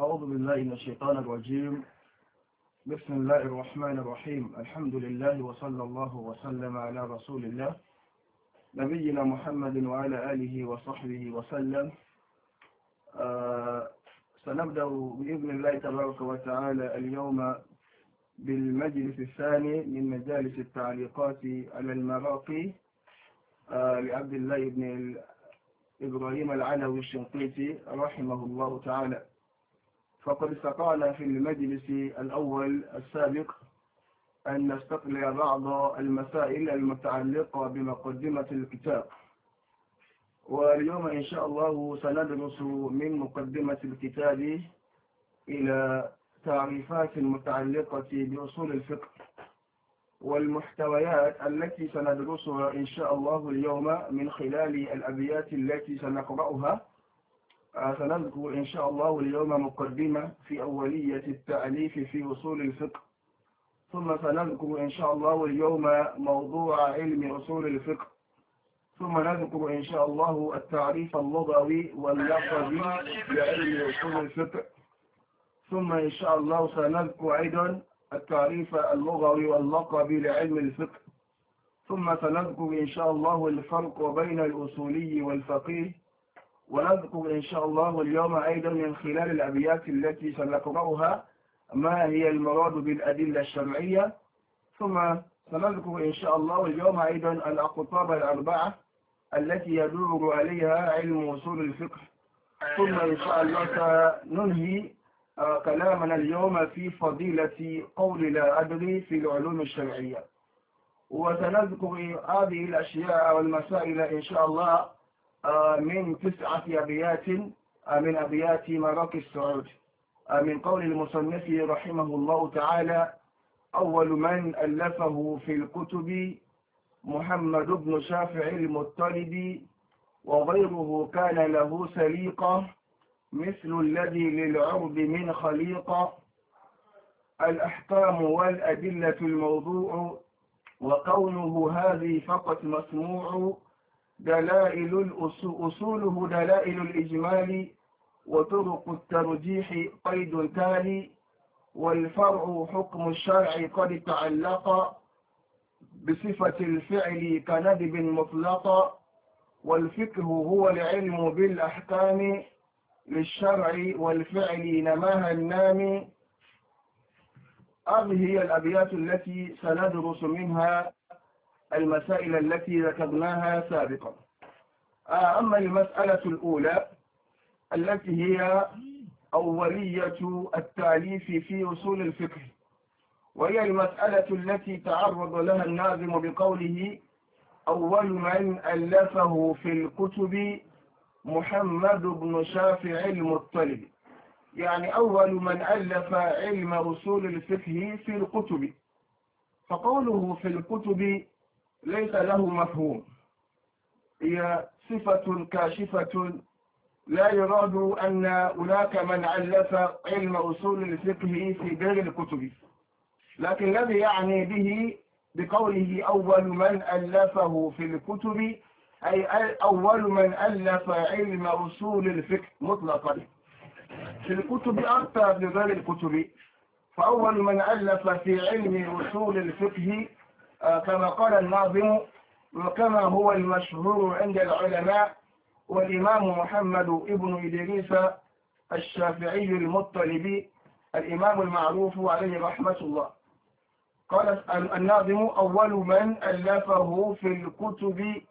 أعوذ بالله من الشيطان الرجيم بسم الله الرحمن الرحيم الحمد لله وصلى الله وسلم على رسول الله نبينا محمد وعلى آله وصحبه وسلم آه، سنبدأ بإذن الله تبارك وتعالى اليوم بالمجلس الثاني من مجالس التعليقات على المراقي آه، لعبد الله بن إبراهيم العلوي الشنقيطي رحمه الله تعالى فقد استطعنا في المجلس الأول السابق أن نستقل بعض المسائل المتعلقة بمقدمة الكتاب واليوم إن شاء الله سندرس من مقدمة الكتاب إلى تعريفات متعلقة بأصول الفقه والمحتويات التي سندرسها إن شاء الله اليوم من خلال الأبيات التي سنقرأها سنذكر إن شاء الله اليوم مقدمة في أولية التأليف في أصول الفقه ثم سنذكر إن شاء الله اليوم موضوع علم أصول الفقه ثم نذكر إن شاء الله التعريف اللغوي واللفظي لعلم أصول الفقه ثم إن شاء الله سنذكر أيضا التعريف اللغوي واللقبي لعلم الفقه ثم سنذكر إن شاء الله الفرق بين الأصولي والفقيه ونذكر إن شاء الله اليوم أيضا من خلال الأبيات التي سنقرأها ما هي المراد بالأدلة الشرعية ثم سنذكر إن شاء الله اليوم أيضا الأقطاب الأربعة التي يدور عليها علم وصول الفقه ثم إن شاء الله سننهي آه، كلامنا اليوم في فضيلة قول لا أدري في العلوم الشرعية وسنذكر هذه الأشياء والمسائل إن شاء الله آه، من تسعة أبيات آه، من أبيات مراك السعود آه، من قول المصنف رحمه الله تعالى أول من ألفه في الكتب محمد بن شافع المطلب وغيره كان له سليقة مثل الذي للعرب من خليقة الأحكام والأدلة الموضوع وقوله هذه فقط مسموع دلائل الأصول أصوله دلائل الإجمال وطرق الترجيح قيد تالي والفرع حكم الشرع قد تعلق بصفة الفعل كندب مطلقا والفقه هو العلم بالأحكام للشرع والفعل نماها النام هذه هي الأبيات التي سندرس منها المسائل التي ذكرناها سابقا آه، أما المسألة الأولى التي هي أولية التاليف في أصول الفقه وهي المسألة التي تعرض لها الناظم بقوله أول من ألفه في الكتب محمد بن شافع المطلب يعني أول من ألف علم أصول الفقه في الكتب فقوله في الكتب ليس له مفهوم هي صفة كاشفة لا يراد أن هناك من علف علم أصول الفقه في غير الكتب لكن الذي يعني به بقوله أول من ألفه في الكتب أي أول من ألف علم أصول الفقه مطلقا في الكتب أكثر من غير الكتب فأول من ألف في علم أصول الفقه كما قال الناظم وكما هو المشهور عند العلماء والإمام محمد ابن إدريس الشافعي المطلبي الإمام المعروف عليه رحمة الله قال الناظم أول من ألفه في الكتب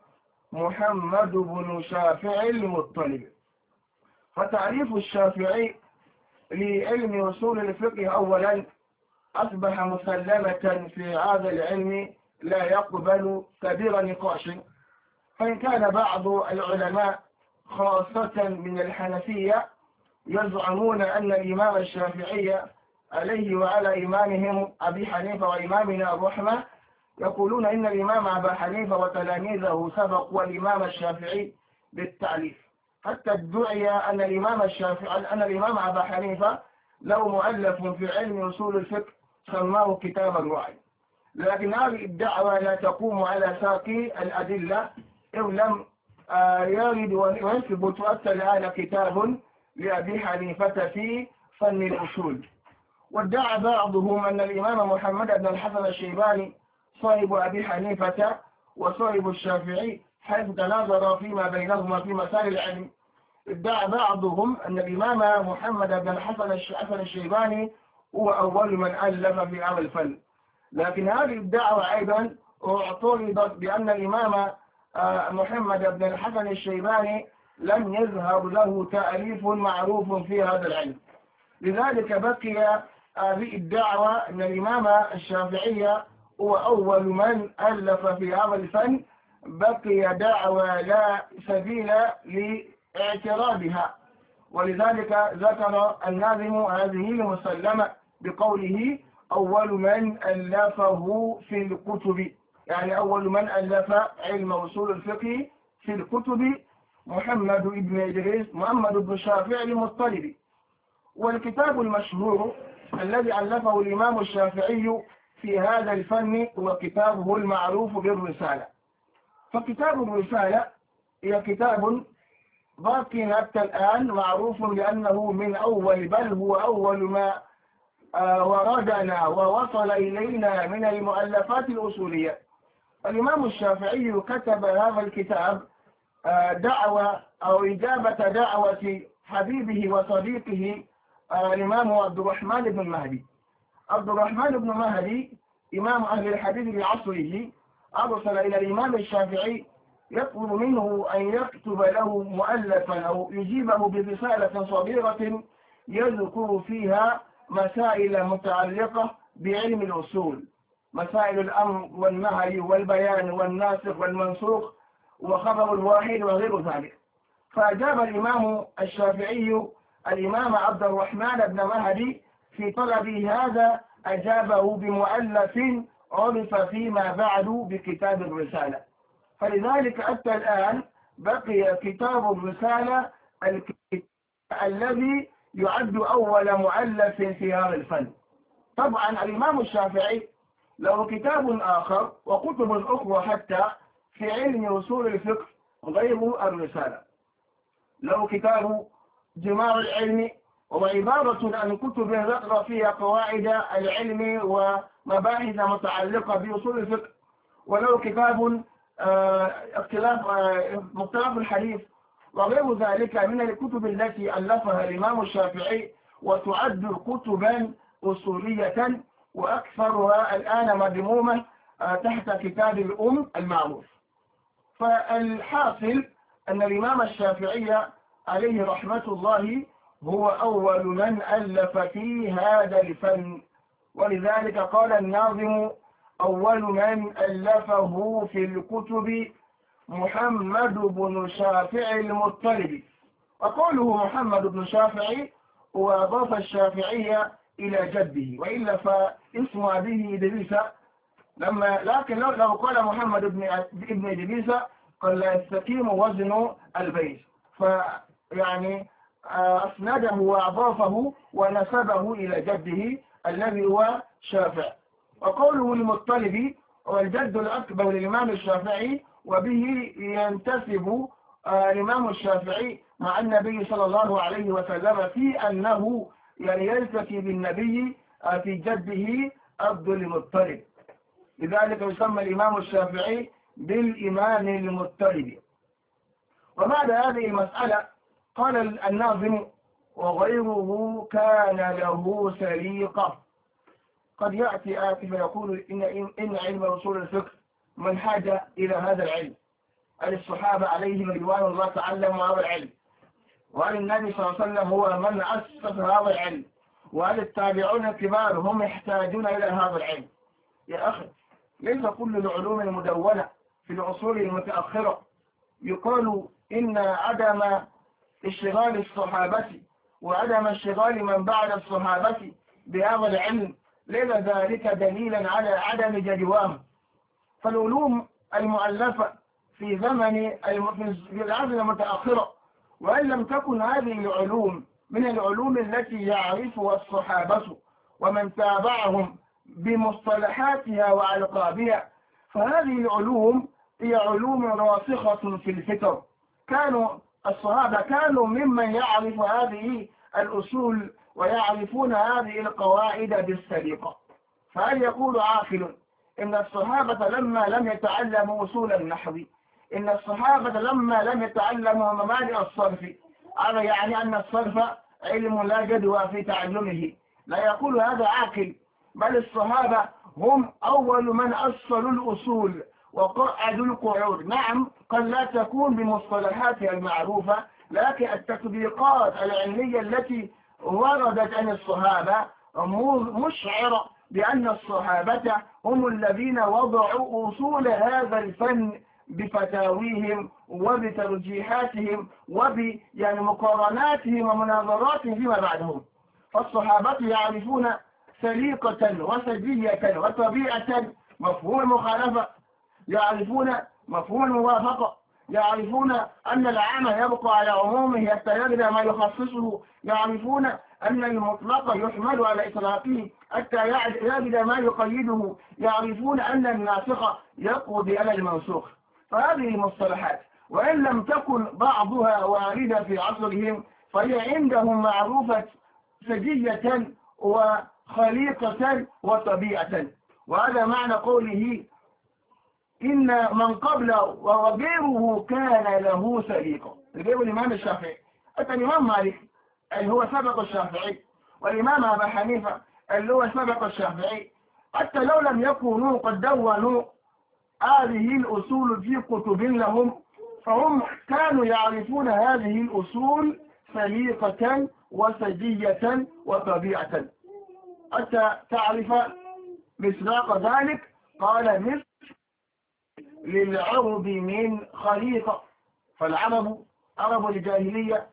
محمد بن شافع المطلب فتعريف الشافعي لعلم أصول الفقه أولا أصبح مسلمة في هذا العلم لا يقبل كبير نقاش فإن كان بعض العلماء خاصة من الحنفية يزعمون أن الإمام الشافعي عليه وعلى إمامهم أبي حنيفة وإمامنا أبو حمى يقولون إن الإمام أبا حنيفة وتلاميذه سبقوا الإمام الشافعي بالتعليف حتى ادعي أن الإمام الشافعي أن الإمام أبا حنيفة له مؤلف في علم أصول الفقه سماه كتاب الوعي لكن هذه الدعوة لا تقوم على ساق الأدلة إن لم آه، يرد ويثبت حتى الآن كتاب لأبي حنيفة في فن الأصول وادعى بعضهم أن الإمام محمد بن الحسن الشيباني صاحب أبي حنيفة وصاحب الشافعي حيث تناظر فيما بينهما في مسائل العلم ادعى بعضهم أن الإمام محمد بن الحسن الشيباني هو أول من ألف في هذا الفن لكن هذه الدعوة أيضا اعترضت بأن الإمام آه، محمد بن الحسن الشيباني لم يظهر له تأليف معروف في هذا العلم لذلك بقي هذه الدعوة أن الإمام الشافعية هو أول من ألف في هذا الفن بقي دعوة لا سبيل لاعتراضها ولذلك ذكر الناظم هذه المسلمة بقوله أول من ألفه في الكتب يعني أول من ألف علم أصول الفقه في الكتب محمد بن إدريس محمد بن شافعي المطلبي والكتاب المشهور الذي ألفه الإمام الشافعي في هذا الفن هو كتابه المعروف بالرسالة فكتاب الرسالة هي كتاب باقي حتى الآن معروف لأنه من أول بل هو أول ما آه، وردنا ووصل إلينا من المؤلفات الأصولية الإمام الشافعي كتب هذا الكتاب آه، دعوة أو إجابة دعوة حبيبه وصديقه آه، الإمام عبد الرحمن بن مهدي عبد الرحمن بن مهدي إمام أهل الحديث لعصره أرسل إلى الإمام الشافعي يطلب منه أن يكتب له مؤلفا أو يجيبه برسالة صغيرة يذكر فيها مسائل متعلقة بعلم الأصول مسائل الأمر والنهي والبيان والناسخ والمنسوخ وخبر الواحد وغير ذلك فأجاب الإمام الشافعي الإمام عبد الرحمن بن مهدي في طلب هذا أجابه بمؤلف عرف فيما بعد بكتاب الرسالة فلذلك حتى الآن بقي كتاب الرسالة الذي يعد أول مؤلف في انتهار الفن طبعا الإمام الشافعي له كتاب آخر وكتب أخرى حتى في علم أصول الفقه غير الرسالة له كتاب جمار العلم وعبارة عن كتب ذكر فيها قواعد العلم ومباحث متعلقة بأصول الفقه وله كتاب آه، اختلاف آه، مختلف الحديث وغير ذلك من الكتب التي ألفها الإمام الشافعي وتعد كتبا أصولية وأكثرها الآن مذمومة آه، تحت كتاب الأم المعروف فالحاصل أن الإمام الشافعي عليه رحمة الله هو أول من ألف في هذا الفن ولذلك قال الناظم أول من ألفه في الكتب محمد بن شافع المطلبي وقوله محمد بن شافعي هو أضاف الشافعية إلى جده وإلا فاسم أبيه إدريس لما لكن لو, لو قال محمد بن ابن إدريس قال لا يستقيم وزن البيت فيعني آه، أسنده وأضافه ونسبه إلى جده الذي هو شافع وقوله المطلبي والجد الأكبر للإمام الشافعي وبه ينتسب آه، الإمام الشافعي مع النبي صلى الله عليه وسلم في أنه يعني يلتقي بالنبي آه، في جده عبد المطلب لذلك يسمى الإمام الشافعي بالإمام المطلب وبعد هذه المسألة قال الناظم وغيره كان له سليقة قد يأتي آتي فيقول إن, إن علم رسول الفقه من حاجة إلى هذا العلم عن الصحابة عليهم رضوان الله تعلموا هذا العلم وعن النبي صلى الله عليه وسلم هو من أسس هذا العلم وعن التابعون الكبار هم يحتاجون إلى هذا العلم يا أخي ليس كل العلوم المدونة في العصور المتأخرة يقال إن عدم اشتغال الصحابة وعدم اشتغال من بعد الصحابة بهذا العلم ليس ذلك دليلا على عدم جدواهم فالعلوم المؤلفة في زمن في العصر المتأخرة وإن لم تكن هذه العلوم من العلوم التي يعرفها الصحابة ومن تابعهم بمصطلحاتها وألقابها فهذه العلوم هي علوم راسخة في الفكر كانوا الصحابة كانوا ممن يعرف هذه الأصول ويعرفون هذه القواعد بالسليقة فهل يقول عاقل إن الصحابة لما لم يتعلموا وصول النحو إن الصحابة لما لم يتعلموا مبادئ الصرف هذا يعني أن الصرف علم لا جدوى في تعلمه لا يقول هذا عاقل بل الصحابة هم أول من أصلوا الأصول وقعدوا القعود نعم قد لا تكون بمصطلحاتها المعروفة لكن التطبيقات العلمية التي وردت عن الصحابة مشعرة بأن الصحابة هم الذين وضعوا أصول هذا الفن بفتاويهم وبترجيحاتهم وب يعني مقارناتهم ومناظراتهم فيما بعدهم فالصحابة يعرفون سليقة وسجية وطبيعة مفهوم المخالفة يعرفون مفهوم الموافقة يعرفون أن العام يبقى على عمومه يبدأ ما يخصصه يعرفون أن المطلق يحمل على إطلاقه حتى يبدأ ما يقيده يعرفون أن الناسخ يقضي على المنسوخ فهذه المصطلحات وإن لم تكن بعضها واردة في عصرهم فهي عندهم معروفة سجية وخليقة وطبيعة وهذا معنى قوله إن من قبله وغيره كان له سليقة غير الإمام الشافعي حتى الإمام مالك اللي هو سبق الشافعي والإمام أبا حنيفة اللي هو سبق الشافعي حتى لو لم يكونوا قد دونوا هذه الأصول في كتب لهم فهم كانوا يعرفون هذه الأصول سليقة وسجية وطبيعة حتى تعرف مصداق ذلك قال مصر للعرب من خليطة فالعرب عرب الجاهلية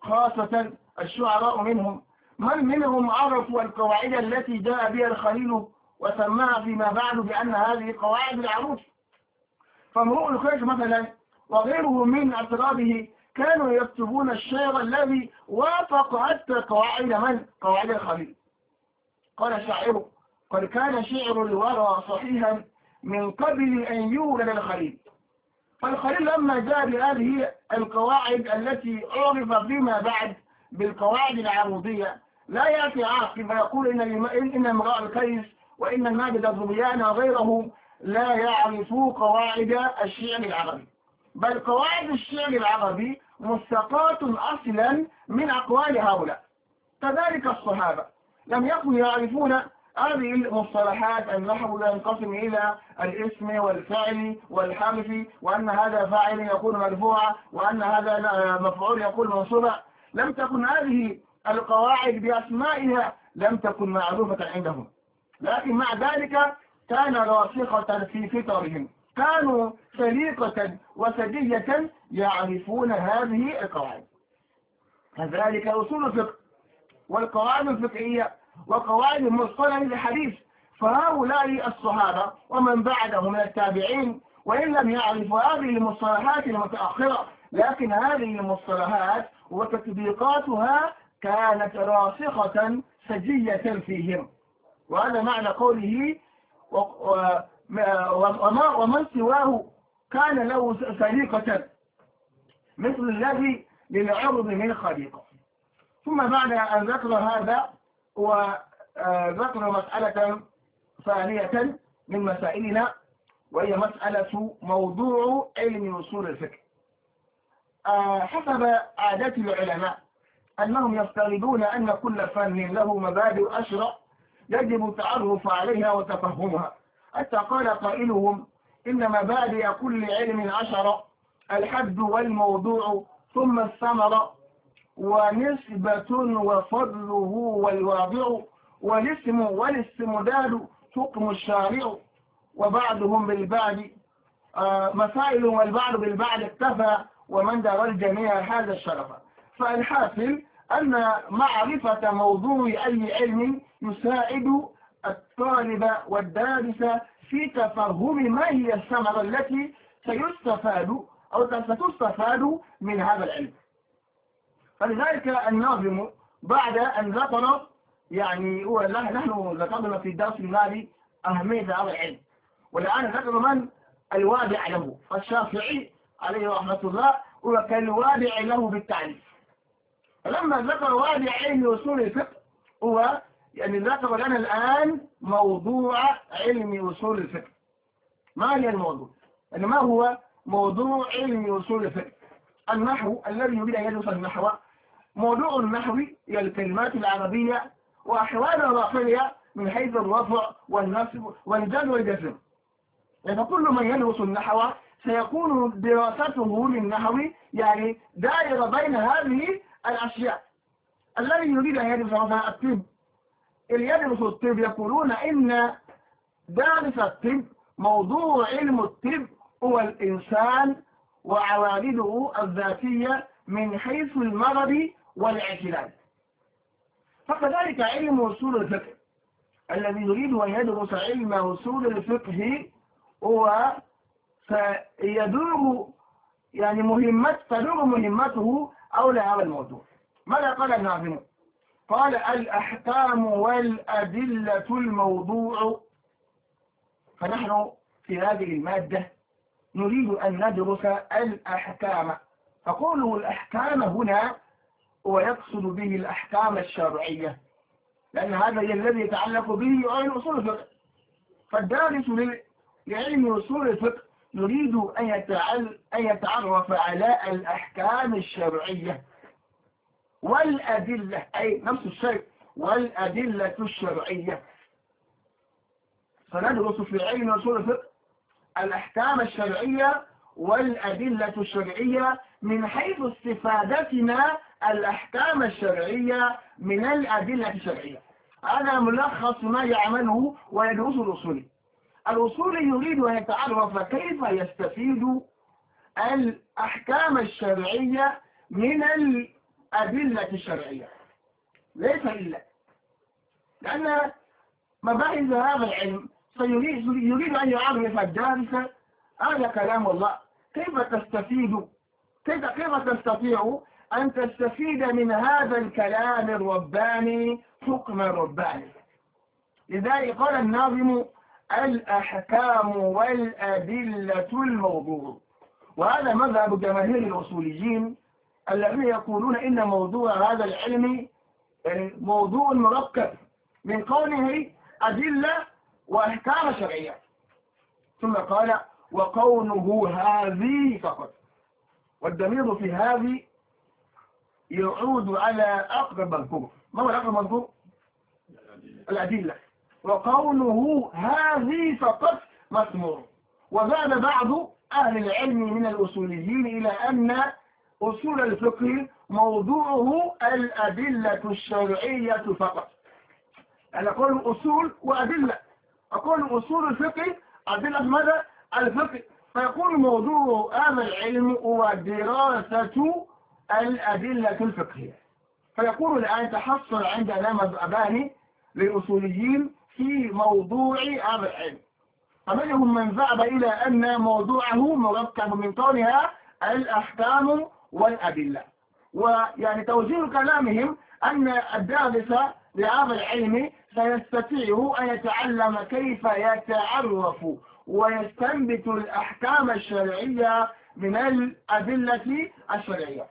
خاصة الشعراء منهم من منهم عرفوا القواعد التي جاء بها الخليل وسماها فيما بعد بأن هذه قواعد العروس فامرؤ الخيش مثلا وغيره من أطرابه كانوا يكتبون الشعر الذي وافق حتى قواعد من؟ قواعد الخليل قال شاعره قد كان شعر الورى صحيحا من قبل أن يولد الخليل فالخليل لما جاء بهذه القواعد التي عرف فيما بعد بالقواعد العروضية لا يأتي عاقل فيقول إن إن الكيس وإن الماجد الظبيان وغيره لا يعرفوا قواعد الشعر العربي بل قواعد الشعر العربي مستقاة أصلا من أقوال هؤلاء كذلك الصحابة لم يكن يعرفون هذه المصطلحات النحو ينقسم إلى الاسم والفعل والحرف وأن هذا فاعل يكون مرفوعا وأن هذا مفعول يكون منصوبا لم تكن هذه القواعد بأسمائها لم تكن معروفة عندهم لكن مع ذلك كان راسخة في فطرهم كانوا سليقة وسجية يعرفون هذه القواعد كذلك أصول الفقه والقواعد الفقهية وقواعد مصطلح الحديث فهؤلاء الصحابة ومن بعدهم من التابعين وإن لم يعرفوا هذه المصطلحات المتأخرة لكن هذه المصطلحات وتطبيقاتها كانت راسخة سجية فيهم وهذا معنى قوله وما ومن سواه كان له سليقة مثل الذي للعرض من خليقة ثم بعد أن ذكر هذا وذكر مسألة ثانية من مسائلنا وهي مسألة موضوع علم أصول الفقه آه، حسب عادات العلماء أنهم يفترضون أن كل فن له مبادئ أشرع يجب التعرف عليها وتفهمها حتى قال قائلهم إن مبادئ كل علم عشرة الحد والموضوع ثم الثمرة ونسبة وفضله والواضع والاسم والاستمداد حكم الشارع وبعضهم بالبعد آه، مسائل والبعض بالبعد اكتفى ومن دار الجميع هذا الشرف فالحاصل أن معرفة موضوع أي علم يساعد الطالب والدارس في تفهم ما هي الثمرة التي سيستفاد أو ستستفاد من هذا العلم فلذلك الناظم بعد أن ذكر يعني هو نحن ذكرنا في الدرس المالي أهمية هذا العلم والآن ذكر من الوادع له فالشافعي عليه رحمة الله هو كالوادع له بالتعريف فلما ذكر وادع علم أصول الفقه هو يعني ذكر لنا الآن موضوع علم أصول الفقه ما هي الموضوع؟ يعني ما هو موضوع علم أصول الفقه؟ النحو الذي يريد أن يدرس النحو موضوع النحو هي الكلمات العربية وأحوالها الرافعية من حيث الرفع والنصب والجد والجزم لأن كل من يدرس النحو سيكون دراسته للنحو يعني دائرة بين هذه الأشياء الذي يريد أن يدرس مثلا الطب اللي يدرس الطب يقولون إن دارس الطب موضوع علم الطب هو الإنسان وعوارضه الذاتية من حيث المرض والاعتدال فكذلك علم أصول الفقه الذي يريد أن يدرس علم أصول الفقه هو فيدور يعني مهمة تدور مهمته أولى هذا الموضوع ماذا قال الناظم قال الأحكام والأدلة الموضوع فنحن في هذه المادة نريد أن ندرس الأحكام فقوله الأحكام هنا ويقصد به الأحكام الشرعية لأن هذا هي الذي يتعلق به علم أصول الفقه فالدارس لعلم أصول الفقه يريد أن يتعرف على الأحكام الشرعية والأدلة أي نفس الشيء والأدلة الشرعية فندرس في علم أصول الفقه الأحكام الشرعية والأدلة الشرعية من حيث استفادتنا الأحكام الشرعية من الأدلة الشرعية هذا ملخص ما يعمله ويدرسه الأصولي الأصولي يريد أن يتعرف كيف يستفيد الأحكام الشرعية من الأدلة الشرعية ليس إلا لأن مباحث هذا العلم سيريد أن يعرف الدارس هذا كلام الله كيف تستفيد كيف كيف تستطيع أن تستفيد من هذا الكلام الرباني حكم رباني لذلك قال الناظم الأحكام والأدلة الموضوع وهذا مذهب جماهير الأصوليين الذين يقولون إن موضوع هذا العلم يعني موضوع مركب من قوله أدلة وأحكام شرعية ثم قال وقوله هذه فقط والدمير في هذه يعود على أقرب مذكور ما هو الأقرب مذكور الأدلة وقوله هذه فقط مسمور وذهب بعض أهل العلم من الأصوليين إلى أن أصول الفقه موضوعه الأدلة الشرعية فقط أنا أقول أصول وأدلة أقول أصول الفقه أدلة ماذا؟ الفقه فيقول موضوع هذا العلم هو دراسة الأدلة الفقهية فيقول الآن تحصل عندنا مذهبان للأصوليين في موضوع هذا العلم فمنهم من ذهب إلى أن موضوعه مركب من كونها الأحكام والأدلة ويعني توجيه كلامهم أن الدارس لهذا العلم سيستطيع أن يتعلم كيف يتعرف ويستنبت الأحكام الشرعية من الأدلة الشرعية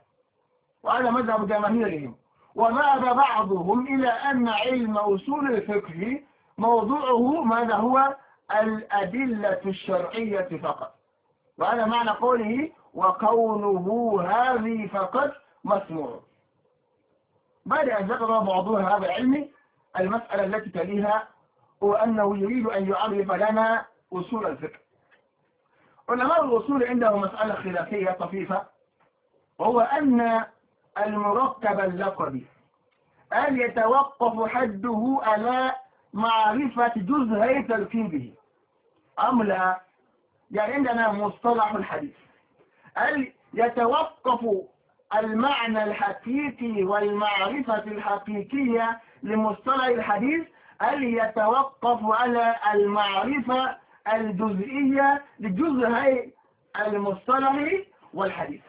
وعلى مذهب جماهيرهم وذهب بعضهم إلى أن علم أصول الفقه موضوعه ماذا هو الأدلة الشرعية فقط وهذا معنى قوله وكونه هذه فقط مسموع بعد أن ذكر موضوع هذا العلم المسألة التي تليها هو أنه يريد أن يعرف لنا أصول الفقه علماء الأصول عندهم مسألة خلافية طفيفة وهو أن المركب اللقبي أن يتوقف حده على معرفة جزئي تركيبه أم لا يعني عندنا مصطلح الحديث هل يتوقف المعنى الحقيقي والمعرفة الحقيقية لمصطلح الحديث أن يتوقف على المعرفة الجزئية لجزئي المصطلح والحديث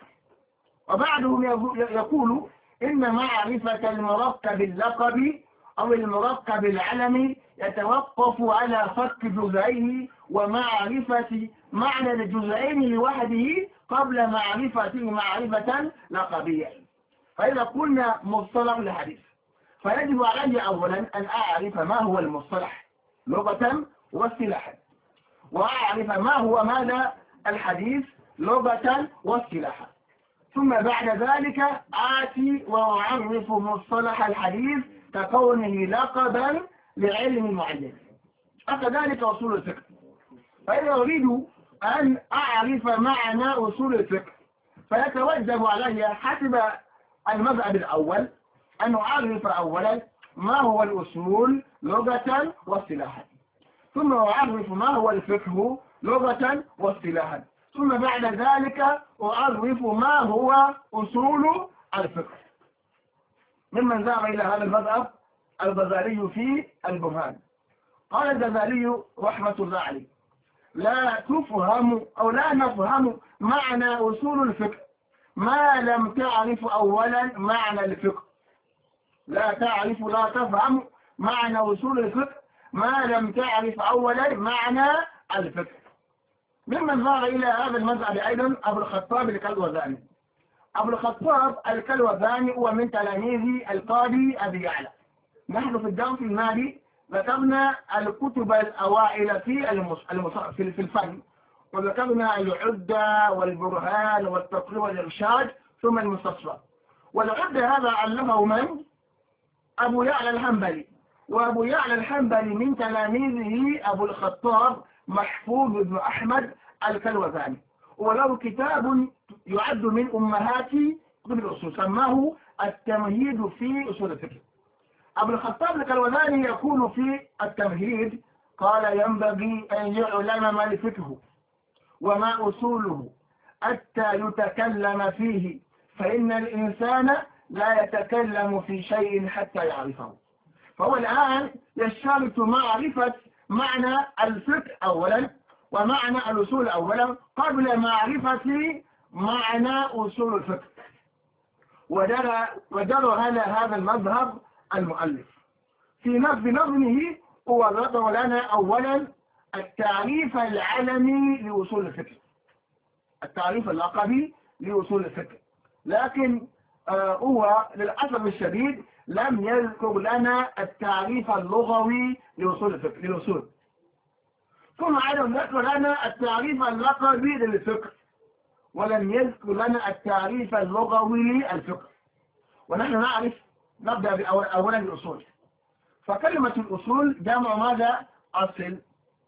وبعدهم يقول إن معرفة المركب اللقبي أو المركب العلمي يتوقف على فك جزئيه ومعرفة معنى الجزئين لوحده قبل معرفة معرفة لقبية فإذا قلنا مصطلح الحديث فيجب علي أولا أن أعرف ما هو المصطلح لغة واصطلاحا وأعرف ما هو ماذا الحديث لغة واصطلاحا ثم بعد ذلك آتي وأعرف مصطلح الحديث كقوله لقبا لعلم معين فكذلك أصول الفقه فإذا أريد أن أعرف معنى أصول الفقه فيتوجب علي حسب المذهب الأول أن أعرف أولا ما هو الأصول لغة واصطلاحا ثم أعرف ما هو الفقه لغة واصطلاحا ثم بعد ذلك أعرف ما هو أصول الفقه ممن ذهب إلى هذا المذهب الغزالي في البرهان قال الغزالي رحمة الله عليه لا تفهم أو لا نفهم معنى أصول الفقه ما لم تعرف أولا معنى الفقه لا تعرف لا تفهم معنى أصول الفقه ما لم تعرف أولا معنى الفقه ممن ذهب إلى هذا المذهب أيضا أبو الخطاب الكلوذاني أبو الخطاب الكلوذاني هو من تلاميذ القاضي أبي يعلى نحن في الدرس المالي ذكرنا الكتب الأوائل في المص... في الفن وذكرنا العدة والبرهان والتقرير والإرشاد ثم المستصفى والعدة هذا علمه من؟ أبو يعلى الحنبلي وأبو يعلى الحنبلي من تلاميذه أبو الخطاب محفوظ بن أحمد الكلوزاني وله كتاب يعد من أمهات كتب الأصول سماه التمهيد في أصول الفقه أبو الخطاب الكلوزاني يقول في التمهيد قال ينبغي أن يعلم ما الفقه وما أصوله حتى يتكلم فيه فإن الإنسان لا يتكلم في شيء حتى يعرفه فهو الآن يشترط معرفة معنى الفقه أولا ومعنى الأصول أولا قبل معرفة معنى أصول الفقه ودرى على هذا المذهب المؤلف في نفس نظمه ورد لنا أولا التعريف العلمي لأصول الفقه التعريف اللقبي لأصول الفقه لكن آه، هو للأسف الشديد لم يذكر لنا التعريف اللغوي لوصول الفكر للوصول ثم أيضا ذكر لنا التعريف اللقبي للفكر ولم يذكر لنا التعريف اللغوي للفكر ونحن نعرف نبدأ أولا بالأصول فكلمة الأصول جمع ماذا؟ أصل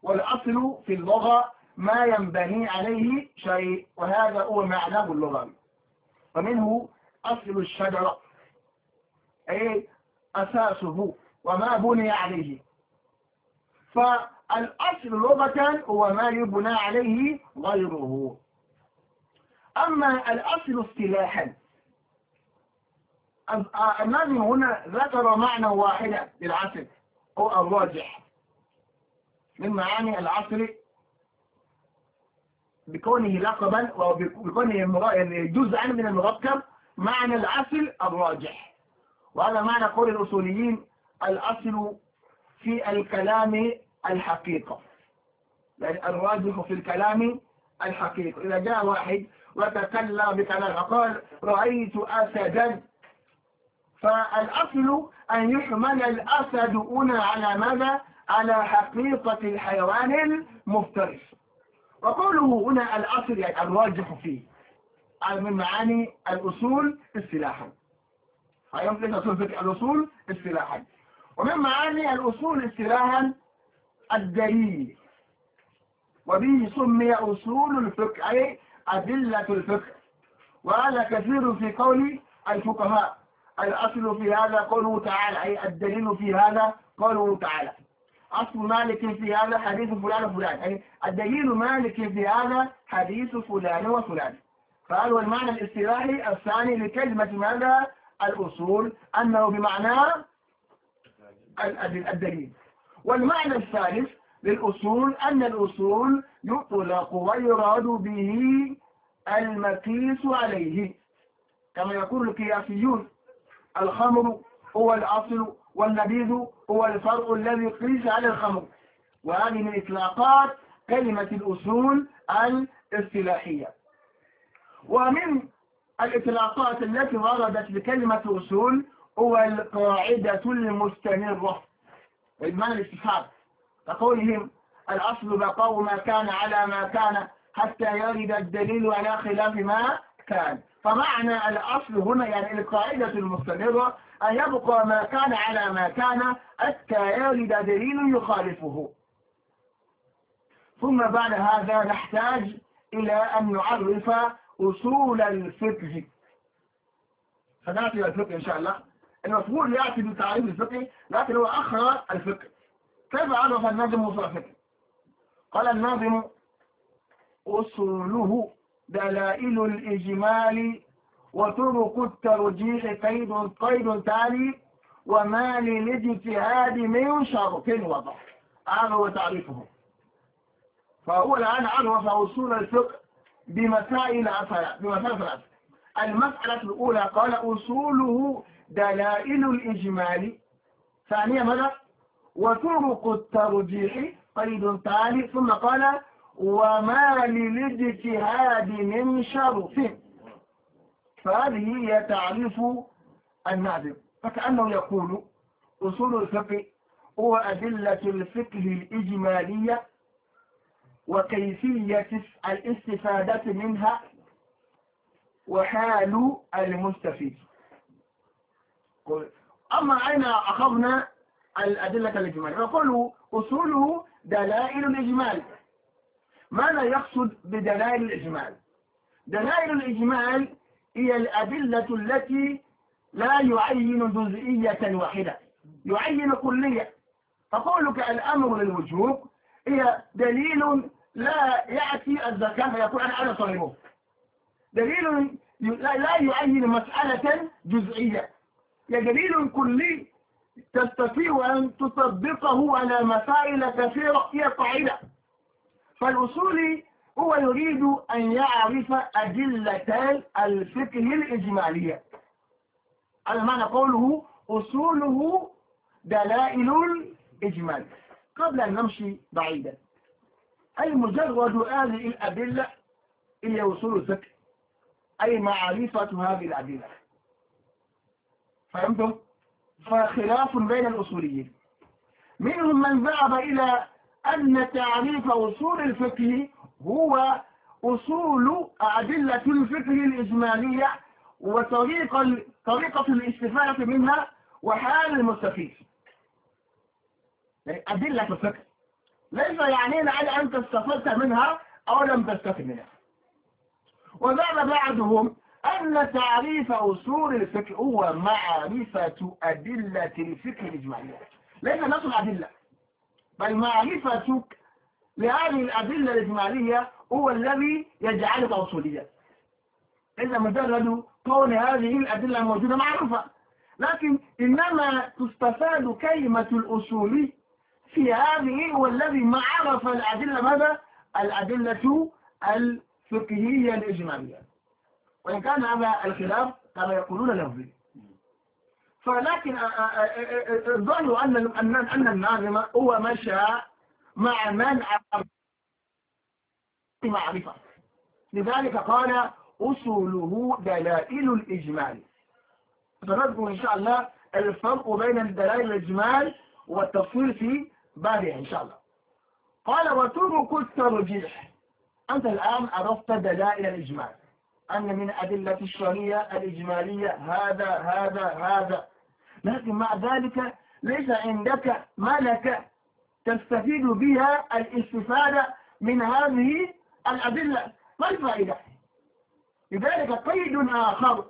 والأصل في اللغة ما ينبني عليه شيء وهذا هو معناه اللغوي ومنه أصل الشجرة أي أساسه وما بني عليه فالأصل لغة هو ما يبنى عليه غيره أما الأصل اصطلاحا النبي آه، هنا ذكر معنى واحدا للعصر هو الراجح من معاني العصر بكونه لقبا وبكونه يعني جزءا من المركب معنى العصر الراجح وهذا معنى قول الأصوليين الأصل في الكلام الحقيقة يعني الراجح في الكلام الحقيقة إذا جاء واحد وتكلم بكلام وقال رأيت أسدا فالأصل أن يحمل الأسد هنا على ماذا؟ على حقيقة الحيوان المفترس وقوله هنا الأصل يعني الراجح فيه من معاني الأصول اصطلاحا هيملك أصول فقه الأصول اصطلاحا ومن معاني الأصول اصطلاحا الدليل وبه سمي أصول الفقه أي أدلة الفقه وهذا كثير في قول الفقهاء الأصل في هذا قوله تعالى أي الدليل في هذا قوله تعالى أصل مالك في هذا حديث فلان وفلان أي الدليل مالك في هذا حديث فلان وفلان فهذا هو المعنى الاصطلاحي الثاني لكلمة ماذا الأصول أنه بمعنى الدليل والمعنى الثالث للأصول أن الأصول يطلق ويراد به المقيس عليه كما يقول القياسيون الخمر هو الأصل والنبيذ هو الفرع الذي قيس على الخمر وهذه من إطلاقات كلمة الأصول الاصطلاحية ومن الإطلاقات التي وردت بكلمة وصول هو القاعدة المستمرة بمعنى الاستحاب كقولهم الأصل بقاء ما كان على ما كان حتى يرد الدليل على خلاف ما كان فمعنى الأصل هنا يعني القاعدة المستمرة أن يبقى ما كان على ما كان حتى يرد دليل يخالفه ثم بعد هذا نحتاج إلى أن نعرف أصول الفقه سنأتي إلى الفقه إن شاء الله المفهوم يأتي بتعريف الفقه لكن هو أخرى الفقه كيف عرف الناظم أصول الفقه؟ قال الناظم أصوله دلائل الإجمال وطرق الترجيح قيد قيد تالي وما للاجتهاد من شرط وضع هذا هو تعريفه فهو الآن عرف أصول الفقه بمسائل بمسائل ثلاث المسألة الأولى قال أصوله دلائل الإجمال ثانية ماذا وطرق الترجيح قيد تعالي ثم قال وما للاجتهاد من شرف فهذه هي تعريف الناظم فكأنه يقول أصول الفقه هو أدلة الفقه الإجمالية وكيفية الاستفادة منها وحال المستفيد أما أين أخذنا الأدلة الإجمالية فقلوا أصوله دلائل الإجمال ماذا يقصد بدلائل الإجمال دلائل الإجمال هي الأدلة التي لا يعين جزئية واحدة يعين كلية فقولك الأمر للوجوب هي دليل لا يأتي الزكاة فيقول أنا أنا صاحبه دليل لا يعين مسألة جزئية يا دليل كلي تستطيع أن تطبقه على مسائل كثيرة هي قاعدة فالأصولي هو يريد أن يعرف أدلة الفقه الإجمالية على معنى قوله أصوله دلائل الإجمال قبل أن نمشي بعيدا أي مجرد هذه الأدلة وصول الفكر أي معرفة هذه الأدلة فهمتم؟ فخلاف بين الأصوليين منهم من ذهب إلى أن تعريف أصول الفقه هو أصول أدلة الفقه الإجمالية وطريقة طريقة الاستفادة منها وحال المستفيد يعني أدلة الفقه ليس يعنينا هل أنت استفدت منها أو لم تستفد منها وذهب بعضهم أن تعريف أصول الفكر هو معرفة أدلة الفكر الإجمالية ليس نفس الأدلة بل معرفتك لهذه الأدلة الإجمالية هو الذي يجعلك أصوليا إذا مجرد كون هذه الأدلة الموجودة معروفة لكن إنما تستفاد كلمة الأصولي في هذه والذي ما عرف الأدلة ماذا الأدلة الفقهية الإجمالية وإن كان هذا الخلاف كما يقولون لفظي فلكن آه، آه، آه، ظنوا أن أن أن الناظم هو مشى مع من معرفة لذلك قال أصوله دلائل الإجمال سنذكر إن شاء الله الفرق بين دلائل الإجمال والتفصيل في بارية إن شاء الله قال وترك الترجيح أنت الآن عرفت دلائل الإجمال أن من أدلة الشرعية الإجمالية هذا هذا هذا لكن مع ذلك ليس عندك ملكة تستفيد بها الاستفادة من هذه الأدلة ما الفائدة؟ لذلك قيد آخر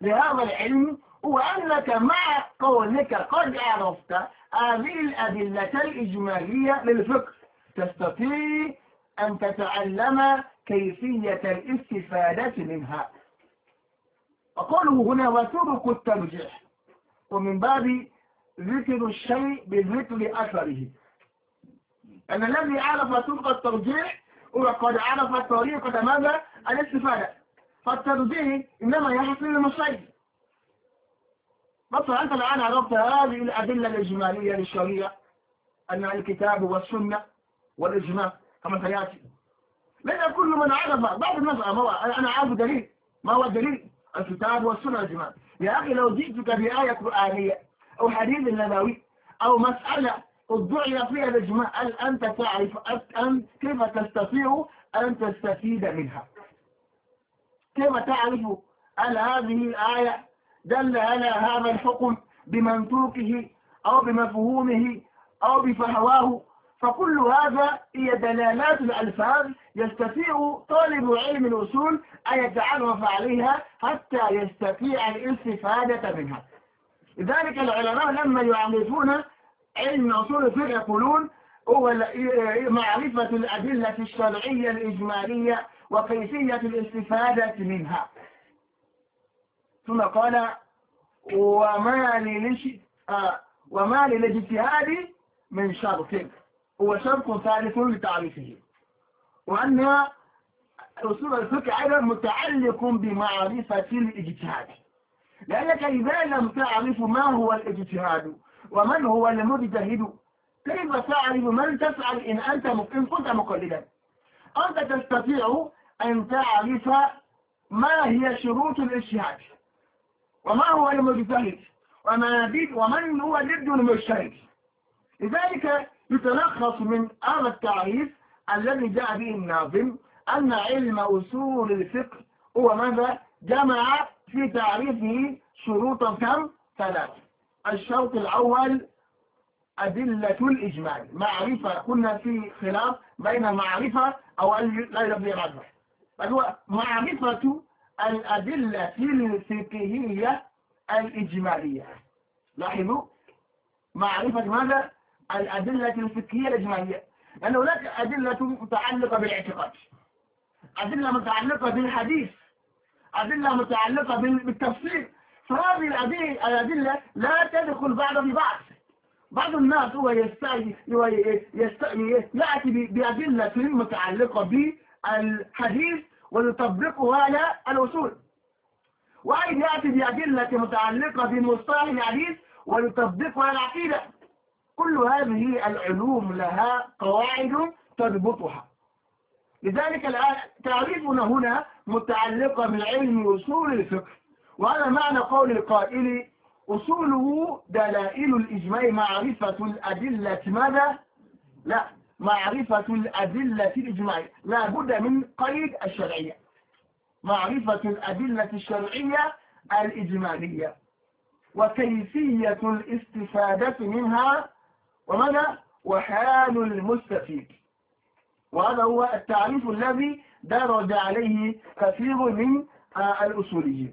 لهذا العلم وأنك مع كونك قد عرفت هذه الأدلة الإجمالية للفقه تستطيع أن تتعلم كيفية الاستفادة منها وقوله هنا وترك الترجيح ومن باب ذكر الشيء بذكر أثره أن الذي عرف طرق الترجيح هو قد عرف طريقة ماذا؟ الاستفادة فالترجيح إنما يحصل من الشيء حتى أنت الآن عرفت هذه الأدلة الإجمالية للشريعة أنها الكتاب والسنة والإجماع كما سيأتي لأن كل من عرف بعض الناس أنا عارف دليل ما هو الدليل الكتاب والسنة والإجماع يا أخي لو جئتك بآية قرآنية أو حديث نبوي أو مسألة ادعي فيها الإجماع هل أنت تعرف أن كيف تستطيع أن تستفيد منها كيف تعرف هل هذه الآية دل على هذا الحكم بمنطوقه أو بمفهومه أو بفهواه فكل هذا هي دلالات الألفاظ يستطيع طالب علم الأصول أن يتعرف عليها حتى يستطيع الاستفادة منها لذلك العلماء لما يعرفون علم أصول الفقه يقولون هو معرفة الأدلة الشرعية الإجمالية وكيفية الاستفادة منها ثم قال آه، وما للاجتهاد من شرط هو شرط ثالث لتعريفه وأن أصول الفقه أيضا متعلق بمعرفة الاجتهاد لأنك إذا لم تعرف ما هو الاجتهاد ومن هو المجتهد كيف تعرف من تفعل إن أنت إن كنت مقلدا أنت تستطيع أن تعرف ما هي شروط الاجتهاد وما هو المجتهد وما ومن هو ضد المجتهد لذلك يتلخص من هذا التعريف الذي جاء به الناظم أن علم أصول الفقه هو ماذا جمع في تعريفه شروطا كم ثلاث الشرط الأول أدلة الإجمال معرفة كنا في خلاف بين معرفة أو لا بل هو معرفة الأدلة الفقهية الإجمالية لاحظوا معرفة ماذا؟ الأدلة الفقهية الإجمالية لأن هناك أدلة متعلقة بالاعتقاد أدلة متعلقة بالحديث أدلة متعلقة بالتفسير فهذه الأدلة لا تدخل بعض في بعض بعض الناس هو يستعي يأتي بأدلة متعلقة بالحديث ويطبقه على الأصول وأين يأتي بأدلة متعلقة بمصطلح الحديث ويطبقها على العقيدة كل هذه العلوم لها قواعد تضبطها لذلك تعريفنا هنا متعلقة بالعلم أصول الفقه وهذا معنى قول القائل أصوله دلائل الإجماع معرفة الأدلة ماذا؟ لا معرفة الأدلة الإجماعية لا بد من قيد الشرعية معرفة الأدلة الشرعية الإجمالية وكيفية الاستفادة منها وماذا؟ وحال المستفيد وهذا هو التعريف الذي درج عليه كثير من آه، الأصوليين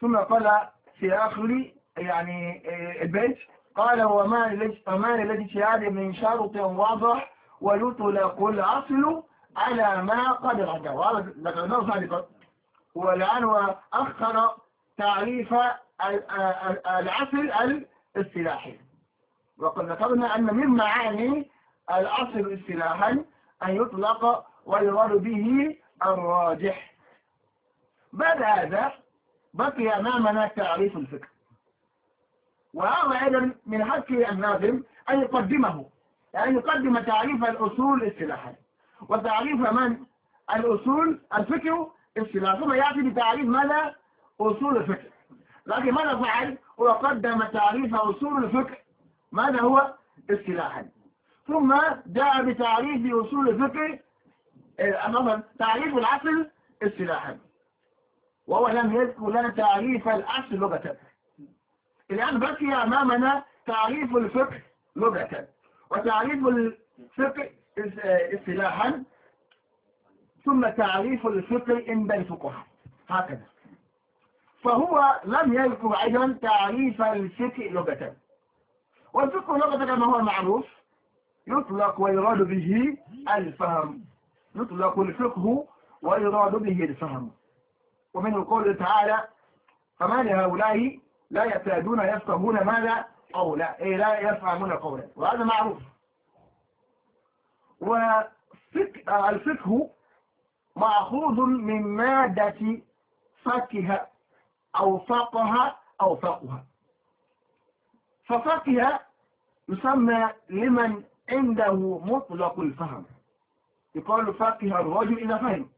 ثم قال في آخر يعني آه، البيت قال وما الذي فما الذي في هذا من شرط واضح ويطلق الأصل على ما قد رجع وهذا ذكرناه والآن وأخر تعريف الأصل الاصطلاحي وقد ذكرنا أن من معاني الأصل اصطلاحا أن يطلق ويراد به الراجح بعد هذا بقي أمامنا تعريف الفكر وهذا أيضا من حق الناظم أن يقدمه يعني يقدم تعريف الأصول اصطلاحا وتعريف من الأصول الفكر اصطلاحا ثم يأتي بتعريف ماذا أصول الفكر لكن ماذا فعل هو قدم تعريف أصول الفكر ماذا هو اصطلاحا ثم جاء بتعريف أصول الفكر أمام آه، تعريف العقل اصطلاحا وهو لم يذكر لنا تعريف الأصل لغة الآن بقي أمامنا تعريف الفقه لغة وتعريف الفقه اصطلاحا ثم تعريف الفقه عند الفقهاء هكذا فهو لم يذكر أيضا تعريف الفقه لغة والفقه لغة كما هو معروف يطلق ويراد به الفهم يطلق الفقه ويراد به الفهم ومنه قوله تعالى فما لهؤلاء لا يكادون يفهمون ماذا قولا إيه لا يفهمون قولا وهذا معروف والفقه مأخوذ من مادة فقه أو فقه أو فقه ففقه يسمى لمن عنده مطلق الفهم يقال فقه الرجل إذا فهم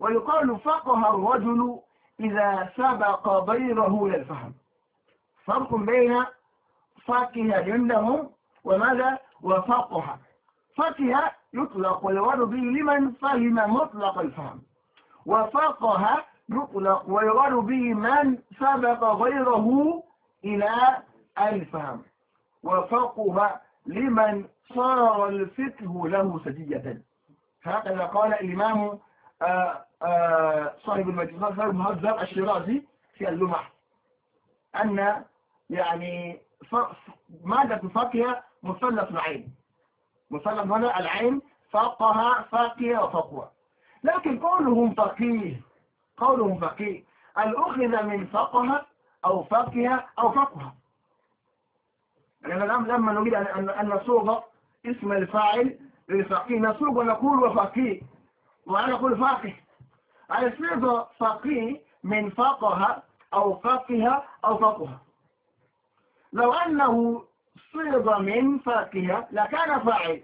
ويقال فقه الرجل إذا سبق غيره إلى الفهم فرق بين فاكهة عندهم وماذا وفقها فاكهة يطلق ويراد به لمن فهم مطلق الفهم وفقها يطلق ويراد به من سبق غيره إلى الفهم وفقها لمن صار الفقه له سجية هكذا قال الإمام آه، صاحب المجزار المهذب الشيرازي في اللمح أن يعني مادة الفاقية مثلث العين مثلث هنا العين فقها فاقية وفقوة لكن قولهم فقيه قولهم فقيه الأخذ من فقه أو فاكهة أو فقها يعني لأن لما نريد أن نصوغ اسم الفاعل للفقيه نصوغ ونقول وفقيه وأنا أقول فاقه الفظة فقيه من فقه أو فقه أو فقه لو أنه صيغ من فاكهة لكان فاعل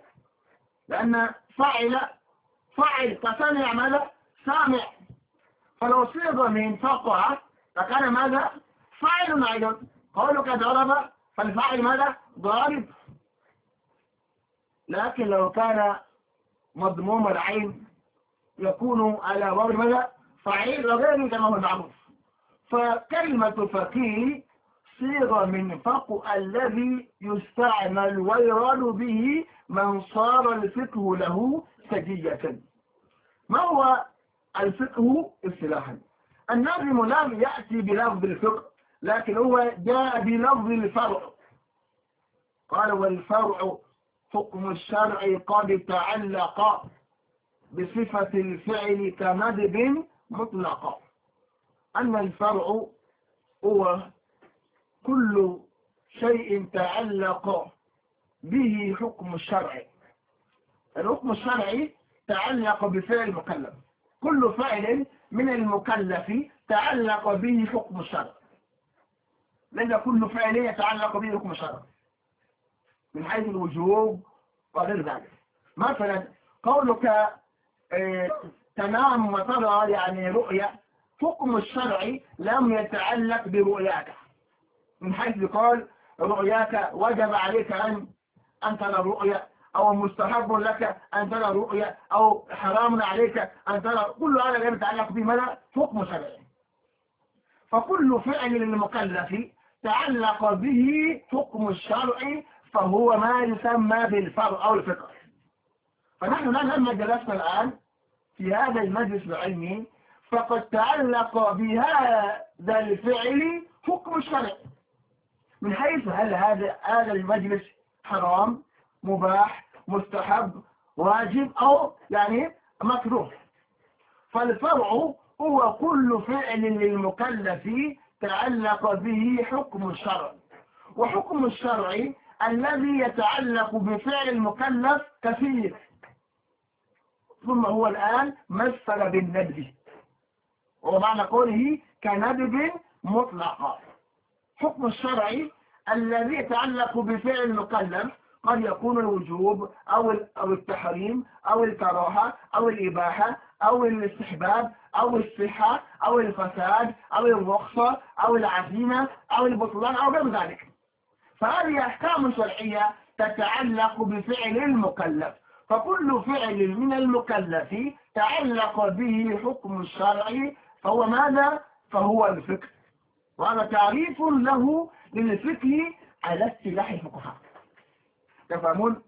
لأن فاعل فاعل فسمع ماذا؟ سامع فلو صيغ من فقه لكان ماذا؟ فاعل أيضا قولك ضرب فالفاعل ماذا؟ ضارب لكن لو كان مضموم العين يكون على ضرب ماذا فعيل غير كما هو المعروف فكلمة فقيه صيغة من فق الذي يستعمل ويرال به من صار الفقه له سجية ما هو الفقه اصطلاحا النظم لم يأتي بلفظ الفقه لكن هو جاء بلفظ الفرع قال والفرع حكم الشرع قد تعلق بصفة الفعل كمدب مطلقة أن الفرع هو كل شيء تعلق به حكم الشرع الحكم الشرعي تعلق بفعل مكلف كل فعل من المكلف تعلق به حكم الشرع لأن كل فعل يتعلق به حكم الشرع من حيث الوجوب وغير ذلك مثلا قولك تنام وترى يعني رؤية حكم الشرعي لم يتعلق برؤياك من حيث قال رؤياك وجب عليك أن أن ترى رؤية أو مستحب لك أن ترى رؤية أو حرام عليك أن ترى كل هذا لم يتعلق بماذا؟ حكم شرعي فكل فعل للمكلف تعلق به حكم الشرع فهو ما يسمى بالفرع أو الفطر فنحن الآن لما جلسنا الآن في هذا المجلس العلمي فقد تعلق بهذا الفعل حكم الشرع من حيث هل هذا هذا المجلس حرام مباح مستحب واجب أو يعني مكروه فالفرع هو كل فعل للمكلف تعلق به حكم الشرع وحكم الشرع الذي يتعلق بفعل المكلف كثير ثم هو الآن مثل بالنبذ ومعنى قوله كنبذ مطلقة حكم الشرعي الذي يتعلق بفعل المكلف قد يكون الوجوب أو أو التحريم أو الكراهة أو الإباحة أو الاستحباب أو الصحة أو الفساد أو الرخصة أو العزيمة أو البطلان أو غير ذلك فهذه أحكام شرعية تتعلق بفعل المكلف فكل فعل من المكلف تعلق به حكم الشرع فهو ماذا؟ فهو الفكر وهذا تعريف له للفكر على اصطلاح الفقهاء تفهمون؟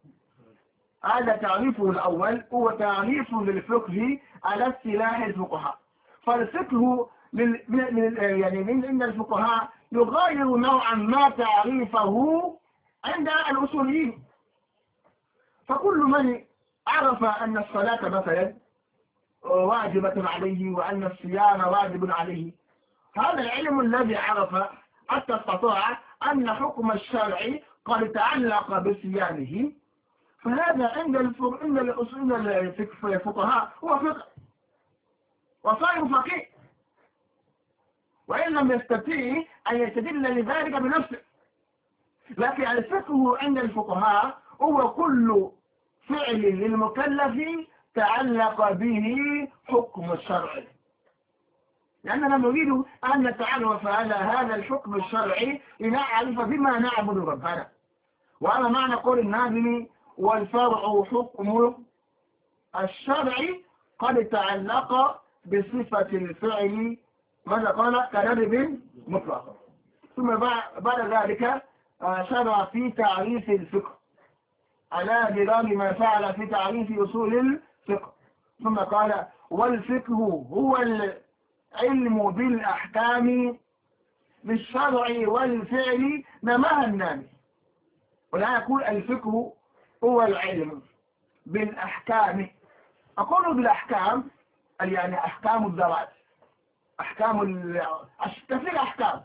هذا تعريفه الأول هو تعريف للفقه على اصطلاح الفقهاء فالفقه من من يعني من عند الفقهاء يغير نوعا ما تعريفه عند الأصوليين فكل من عرف أن الصلاة مثلا واجبة عليه وأن الصيام واجب عليه هذا العلم الذي عرف حتى استطاع أن حكم الشرع قد تعلق بصيامه فهذا عند عند الأصول الفقهاء هو فقه وصار فقيه وإن لم يستطيع أن يستدل لذلك بنفسه لكن الفقه عند الفقهاء هو كل فعل للمكلف تعلق به حكم الشرع لأننا نريد أن نتعرف على هذا الحكم الشرعي لنعرف بما نعبد ربنا وهذا معنى قول الناظم والفرع حكم الشرع قد تعلق بصفة الفعل ماذا قال كنبب مطلق ثم بعد ذلك آه، شرع في تعريف الفقه على درام ما فعل في تعريف أصول الفقه ثم قال والفقه هو العلم بالأحكام بالشرع والفعل نماها النام ولا يقول الفقه هو العلم بالأحكام أقول بالأحكام يعني أحكام الذرات أحكام كثير أحكام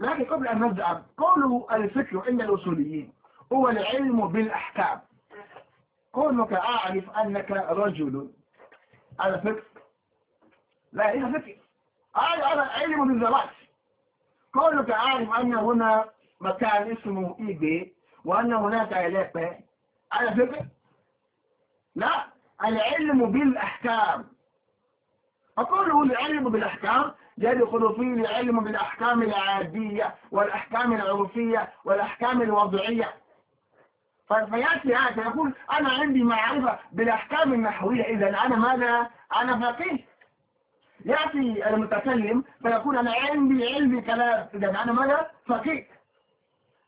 لكن قبل أن نبدأ قوله الفكر عند الأصوليين هو العلم بالأحكام كونك أعرف أنك رجل على فكر لا هي فكر على علم بالزواج كونك أعرف أن هنا مكان اسمه إيبي وأن هناك علاقة على فكر لا العلم بالأحكام أقوله العلم بالأحكام يدخل فيه العلم بالأحكام العادية والأحكام العرفية والأحكام الوضعية فيأتي هذا يقول أنا عندي معرفة بالأحكام النحوية إذا أنا ماذا؟ أنا فقيه يأتي المتكلم فيقول أنا عندي علم كلام إذا أنا ماذا؟ فقيه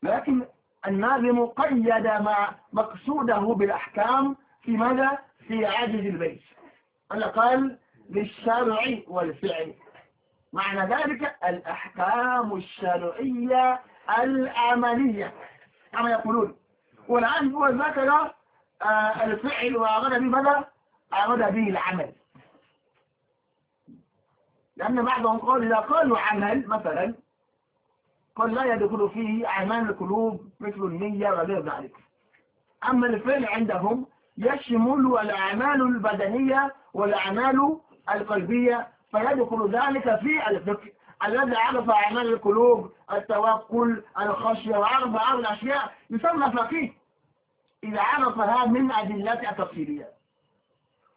لكن الناظم قيد ما مقصوده بالأحكام في ماذا؟ في عجز البيت أنا قال للشرع والفعل معنى ذلك الأحكام الشرعية العملية كما يقولون والعهد هو ذكر آه، الفعل وأراد به ماذا؟ أراد به العمل لأن بعضهم قال إذا قالوا عمل مثلا قال لا يدخل فيه أعمال القلوب مثل النية وغير ذلك أما الفعل عندهم يشمل الأعمال البدنية والأعمال القلبية فيدخل ذلك في الفكر الذي عرف أعمال القلوب التوكل الخشية وعرف أعمال الأشياء يسمى فقيه إذا عرفها من أدلتها التفسيرية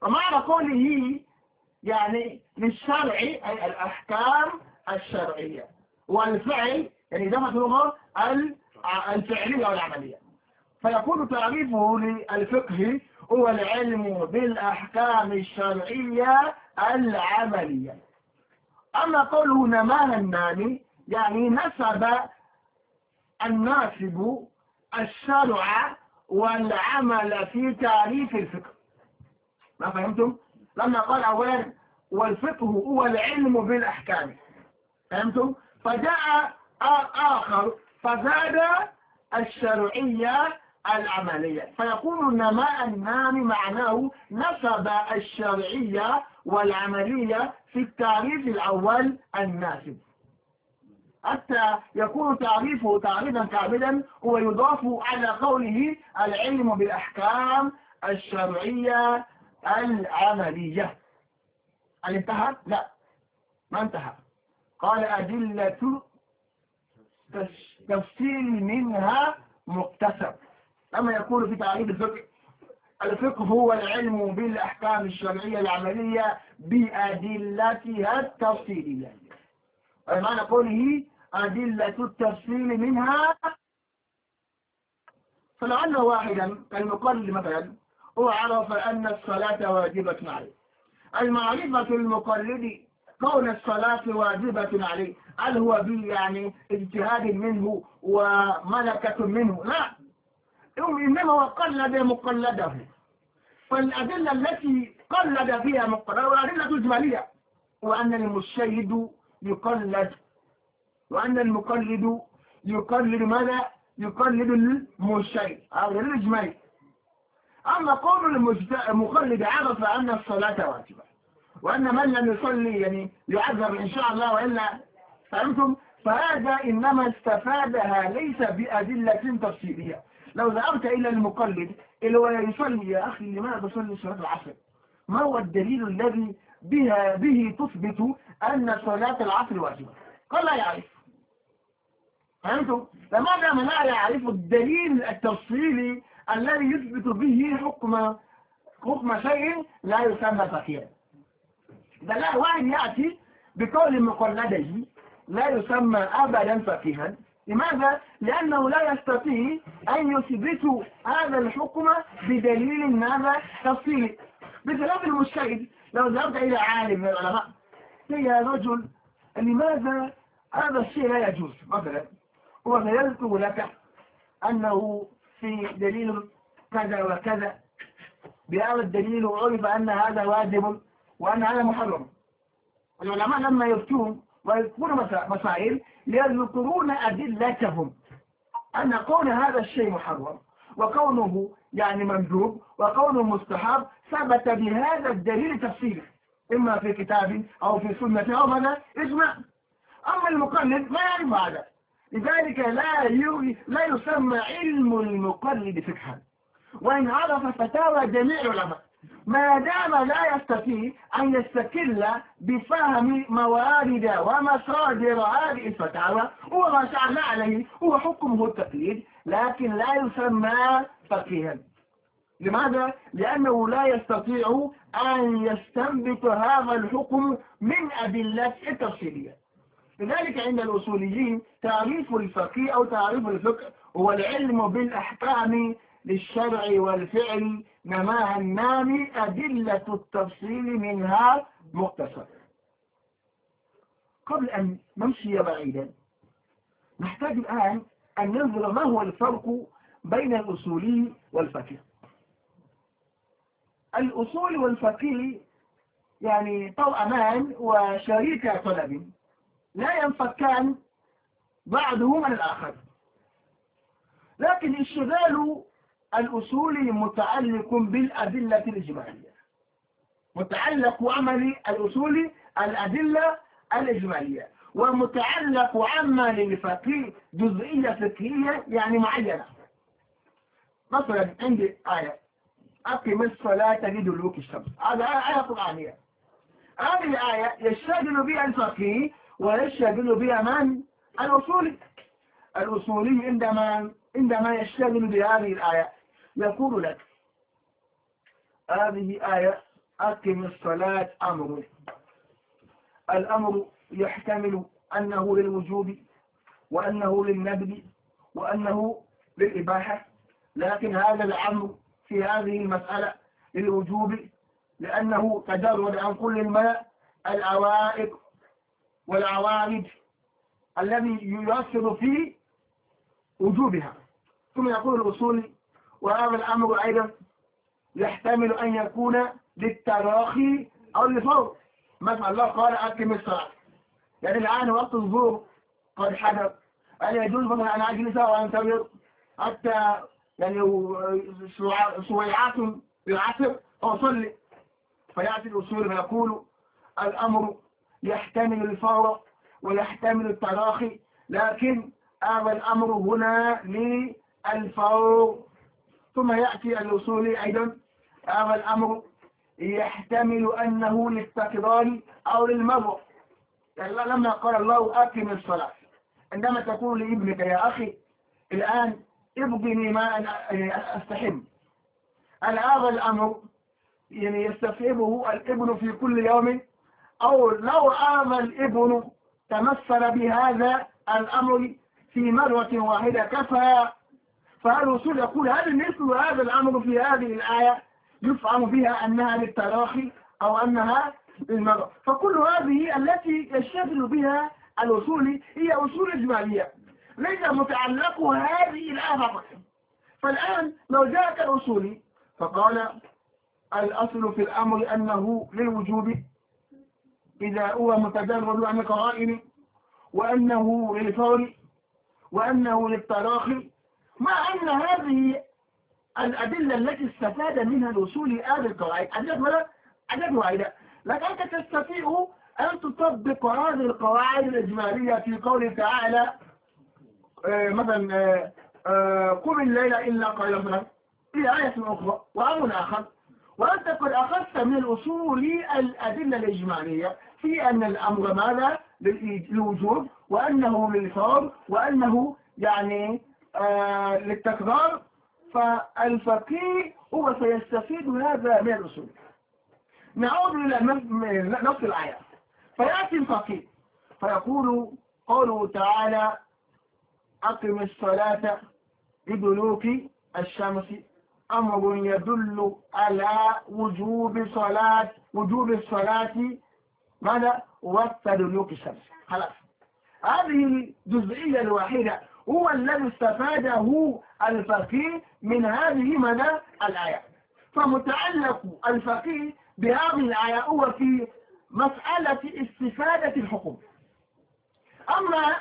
ومعنى قوله يعني للشرع أي الأحكام الشرعية والفعل يعني إضافة لغة الفعلية والعملية فيكون تعريفه للفقه هو العلم بالأحكام الشرعية العملية أما قوله نمان النامي يعني نسب الناسب الشرع والعمل في تعريف الفقه ما فهمتم؟ لما قال أولا والفقه هو العلم بالأحكام فهمتم؟ فجاء آخر فزاد الشرعية العملية فيكون نماء النام معناه نسب الشرعية والعملية في التعريف الأول الناسب حتى يكون تعريفه تعريفا كاملا ويضاف على قوله العلم بالأحكام الشرعية العملية هل انتهى؟ لا ما انتهى قال أدلة تفصيل منها مكتسب أما يقول في تعريف الفقه الفقه هو العلم بالأحكام الشرعية العملية بأدلتها التفصيلية معنى قوله أدلة التفصيل منها فلعل واحدا المقلد مثلا هو عرف أن الصلاة واجبة عليه المعرفة المقلد كون الصلاة واجبة عليه هل هو بي يعني اجتهاد منه وملكة منه لا إنما وقلد مقلده فالأدلة التي قلد فيها مقلده والأدلة إجمالية وأن المشيد يقلد وأن المقلد يقلد ماذا؟ يقلد المشيد هذا الإجمالي أما قول المقلد عرف أن الصلاة واجبة وأن من لم يصلي يعني يعذب إن شاء الله وإلا فهمتم؟ فهذا إنما استفادها ليس بأدلة تفسيرية لو ذهبت إلى المقلد اللي هو يصلي يا أخي لماذا تصلي صلاة العصر ما هو الدليل الذي بها به تثبت أن صلاة العصر واجبة قال لا يعرف فهمتم؟ لماذا من لا يعرف الدليل التفصيلي الذي يثبت به حكم حكم شيء لا يسمى فقيرا ده لا واحد يأتي بقول مقلده لا يسمى أبدا فقيها لماذا؟ لأنه لا يستطيع أن يثبت هذا الحكم بدليل ماذا؟ تفصيلي بخلاف المجتهد لو ذهبت إلى عالم من العلماء يا رجل لماذا هذا الشيء لا يجوز مثلا هو سيذكر لك أنه في دليل كذا وكذا بهذا الدليل وعرف أن هذا واجب وأن هذا محرم العلماء لما يفتون ويذكرون مسائل ليذكرون أدلتهم أن كون هذا الشيء محرم وكونه يعني مندوب وكونه مستحب ثبت بهذا الدليل تفصيلا إما في كتاب أو في سنة أو ماذا اسمع أما المقلد ما يعرف هذا لذلك لا لا يسمى علم المقلد فقها وإن عرف فتاوى جميع العلماء ما دام لا يستطيع أن يستكل بفهم موارد ومصادر هذه الفتاوى وما شعرنا عليه هو حكمه التقليد لكن لا يسمى فقيها لماذا؟ لأنه لا يستطيع أن يستنبط هذا الحكم من أدلة التفصيلية لذلك عند الأصوليين تعريف الفقيه أو تعريف الفقه هو العلم بالأحكام للشرع والفعل نماها النامي أدلة التفصيل منها مقتصر قبل أن نمشي بعيدا نحتاج الآن أن ننظر ما هو الفرق بين الأصولي والفقيه الأصول والفقيه يعني طوأمان وشريك طلب لا ينفكان بعضهما الآخر لكن الشغال الأصولي متعلق بالأدلة الإجمالية متعلق عمل الأصولي الأدلة الإجمالية ومتعلق عمل الفقيه جزئية فقهية يعني معينة مثلا عندي آية أقم الصلاة لدلوك الشمس هذا آية, آية قرآنية هذه الآية يشتغل بها الفقيه ويشتغل بها من؟ الأصولي الأصولي عندما عندما يشتغل بهذه الآية يقول لك هذه آية أقم الصلاة أمر الأمر يحتمل أنه للوجوب وأنه للنبل وأنه للإباحة لكن هذا الأمر في هذه المسألة للوجوب لأنه تجرد عن كل ما العوائق والعوارض الذي يؤثر في وجوبها ثم يقول الأصول وهذا الأمر أيضا يحتمل أن يكون للتراخي أو لفور مثلا الله قال أكلم الصلاة يعني الآن وقت الظهر قد حدث هل يجوز مثلا أن أجلس وأنتظر حتى يعني سويعات العصر أصلي فيأتي الأصول فيقول الأمر يحتمل الفور ويحتمل التراخي لكن هذا الأمر هنا للفور ثم يأتي الوصولي أيضا هذا الأمر يحتمل أنه للتكرار أو للمرء لما قال الله أقم الصلاة عندما تقول لابنك يا أخي الآن ابقني ما يعني أستحم هذا الأمر يعني يستفعله الابن في كل يوم أو لو هذا الابن تمثل بهذا الأمر في مرة واحدة كفى فالرسول يقول هل النسل وهذا الأمر في هذه الآية يفعل بها أنها للتراخي أو أنها للمرأة فكل هذه التي يشتغل بها الوصول هي وصول إجمالية ليس متعلق هذه الآية فقط فالآن لو جاءك الوصول فقال الأصل في الأمر أنه للوجوب إذا هو متجرد عن قرائن وأنه للفور وأنه للتراخي مع أن هذه الأدلة التي استفاد منها الوصول آل القواعد أدلة ولا أدلة واحدة لكنك تستطيع أن تطبق هذه القواعد الإجمالية في قوله تعالى آه، مثلا آه، آه، قم الليل إلا قليلا مثلا في آية أخرى وأمر آخر وأنت قد أخذت من الأصول الأدلة الإجمالية في أن الأمر ماذا؟ للوجوب وأنه للفرض وأنه يعني آه، للتكرار فالفقيه هو سيستفيد هذا من الرسول نعود إلى نص الآية فيأتي الفقيه فيقول قوله تعالى أقم الصلاة لدلوك الشمس أمر يدل على وجوب صلاة وجوب الصلاة ماذا؟ وقت دلوك الشمس خلاص هذه الجزئية الوحيدة هو الذي استفاده الفقيه من هذه مدى الآية فمتعلق الفقيه بهذه الآية هو في مسألة استفادة الحكم أما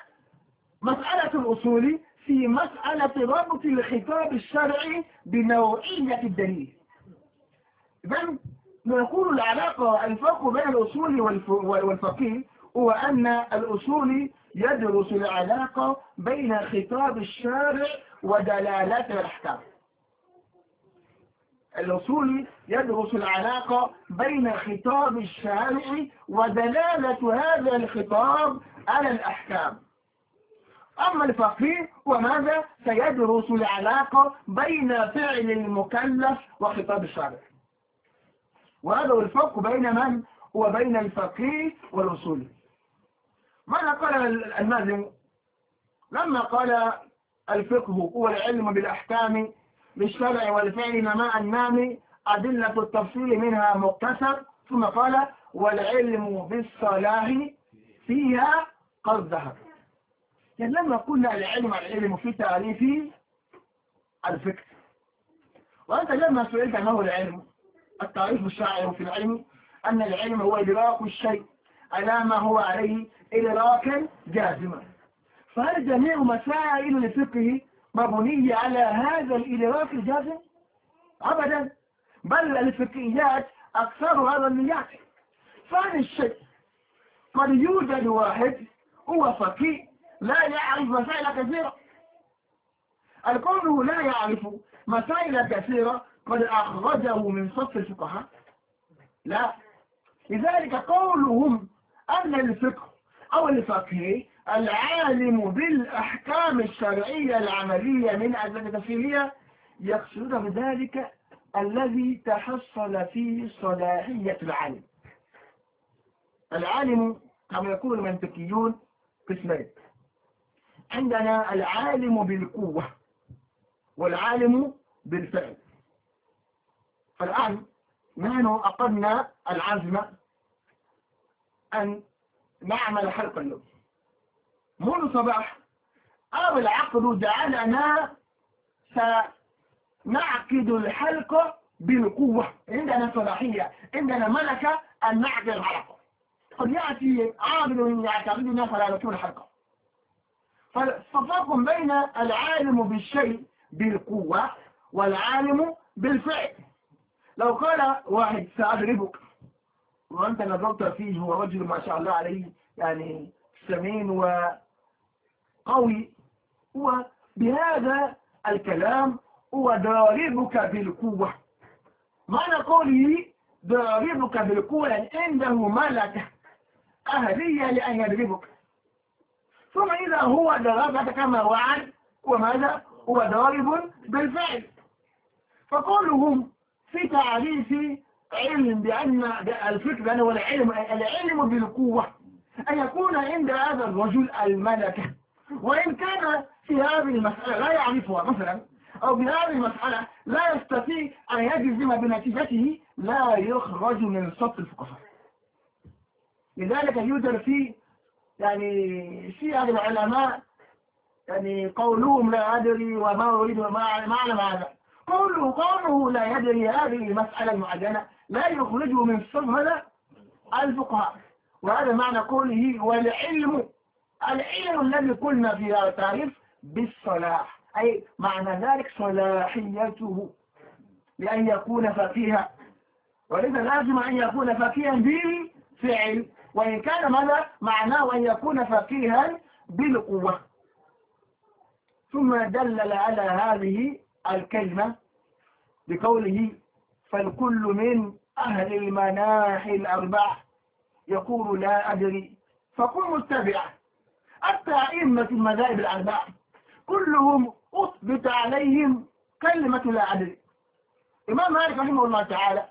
مسألة الأصول في مسألة ربط الخطاب الشرعي بنوعية الدليل إذن نقول العلاقة الفرق بين الأصول والفقيه هو أن الأصول يدرس العلاقة بين خطاب الشارع ودلالات الأحكام الأصول يدرس العلاقة بين خطاب الشارع ودلالة هذا الخطاب على الأحكام أما الفقيه وماذا سيدرس العلاقة بين فعل المكلف وخطاب الشارع وهذا هو الفرق بين من وبين الفقيه والأصولي ماذا قال المازن لما قال الفقه هو العلم بالأحكام بالشرع والفعل نماء النام أدلة التفصيل منها مقتصر ثم قال والعلم بالصلاح فيها قد ذهب يعني لما قلنا العلم العلم في تعريف الفكر وأنت لما سئلت ما هو العلم التعريف الشاعر في العلم أن العلم هو إدراك الشيء على ما هو عليه إدراكا جازما فهل جميع مسائل الفقه مبنية على هذا الإدراك الجازم؟ أبدا بل الفقهيات أكثرها ظنيات فهل الشيء قد يوجد واحد هو فقيه لا يعرف مسائل كثيرة الكونه لا يعرف مسائل كثيرة قد أخرجه من صف الفقهاء لا لذلك قولهم أن الفقه أو الفقهي العالم بالأحكام الشرعية العملية من أدلة تفصيلية يقصد بذلك الذي تحصل فيه صلاحية العلم العالم كما يقول المنطقيون قسمين عندنا العالم بالقوة والعالم بالفعل فالآن نحن أقدنا العزم أن نعمل حلقة اليوم منذ صباح أو العقل جعلنا سنعقد الحلقة بالقوة عندنا صلاحية عندنا ملكة أن نعقد الحلقة قد يأتي عامل يعتقدنا فلا نكون الحلقة فالصفاق بين العالم بالشيء بالقوة والعالم بالفعل لو قال واحد سأضربك وأنت نظرت فيه هو رجل ما شاء الله عليه يعني سمين وقوي وبهذا الكلام هو ضاربك بالقوة معنى قوله ضاربك بالقوة يعني عنده ملكة أهلية لأن يضربك ثم إذا هو ضربك كما وعد وماذا هو ضارب بالفعل فقولهم في تعريف علم بأن الفكر بأنه هو العلم العلم بالقوة أن يكون عند هذا الرجل الملكة وإن كان في هذه المسألة لا يعرفها مثلا أو بهذه المسألة لا يستطيع أن يجزم بنتيجته لا يخرج من سطر الفقهاء لذلك يوجد في يعني في هذا العلماء يعني قولهم لا أدري وما أريد وما أعلم هذا قوله قوله لا يدري هذه المسألة المعينة لا يخرجه من الشبهة الفقهاء وهذا معنى قوله والعلم العلم الذي قلنا في هذا التعريف بالصلاح أي معنى ذلك صلاحيته لأن يكون فقيها ولذا لازم أن يكون فقيها بالفعل وإن كان ماذا معناه أن يكون فقيها بالقوة ثم دلل على هذه الكلمة بقوله فالكل من أهل المناحي الأربع يقول لا أدري فكل متبعة حتى أئمة المذاهب الأربعة كلهم أثبت عليهم كلمة لا أدري إمام مالك رحمه الله تعالى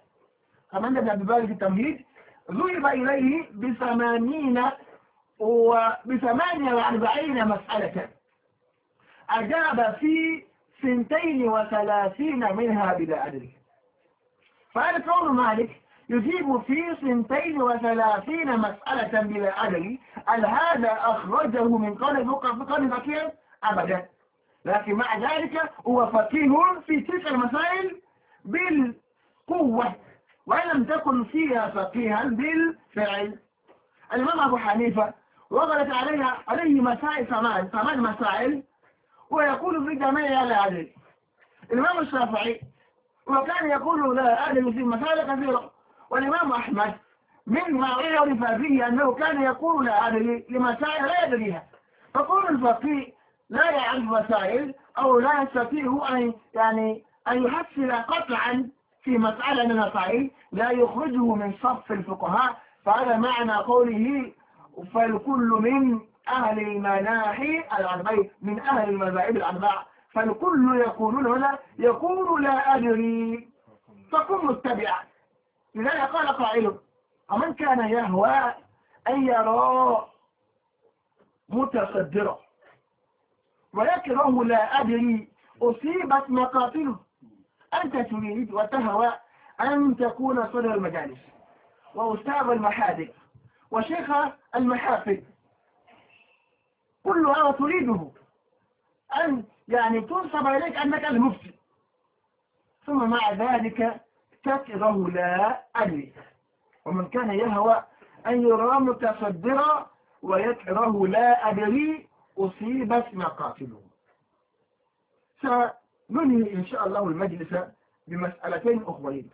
فمن بن أبي بكر التمهيد ذهب إليه بثمانين وبثمانية وأربعين مسألة أجاب في سنتين وثلاثين منها بلا أدري فأنس بن مالك يجيب في سنتين وثلاثين مسألة بلا عدل هل هذا أخرجه من قول قول فقيه أبدا لكن مع ذلك هو فقيه في تلك المسائل بالقوة ولم تكن فيها فقيها بالفعل الإمام أبو حنيفة وغلت عليها عليه مسائل ثمان ثمان مسائل ويقول في جميع العدل الإمام الشافعي وكان يقول لا أهل في مسألة كثيرة والإمام أحمد مما عرف فيه أنه كان يقول لا أهل لمسائل لا يدريها فكل الفقيه لا يعرف مسائل أو لا يستطيع أن يعني أن يحصل قطعا في مسألة من المسائل لا يخرجه من صف الفقهاء فهذا معنى قوله فالكل من أهل المناحي الأربعين من أهل المذاهب الأربعة فالكل يقولون هنا يقول لا أدري فكن متبعا لذلك قال قائل ومن كان يهوى أن يرى متصدرا ويكره لا أدري أصيبت مقاتله أنت تريد وتهوى أن تكون صدر المجالس وأستاذ المحادث وشيخ المحافل كل هذا تريده أن يعني تنصب عليك أنك المفتي ثم مع ذلك تكره لا أني ومن كان يهوى أن يرى متصدرا ويكره لا أدري أصيبت مقاتله سننهي إن شاء الله المجلس بمسألتين أخرين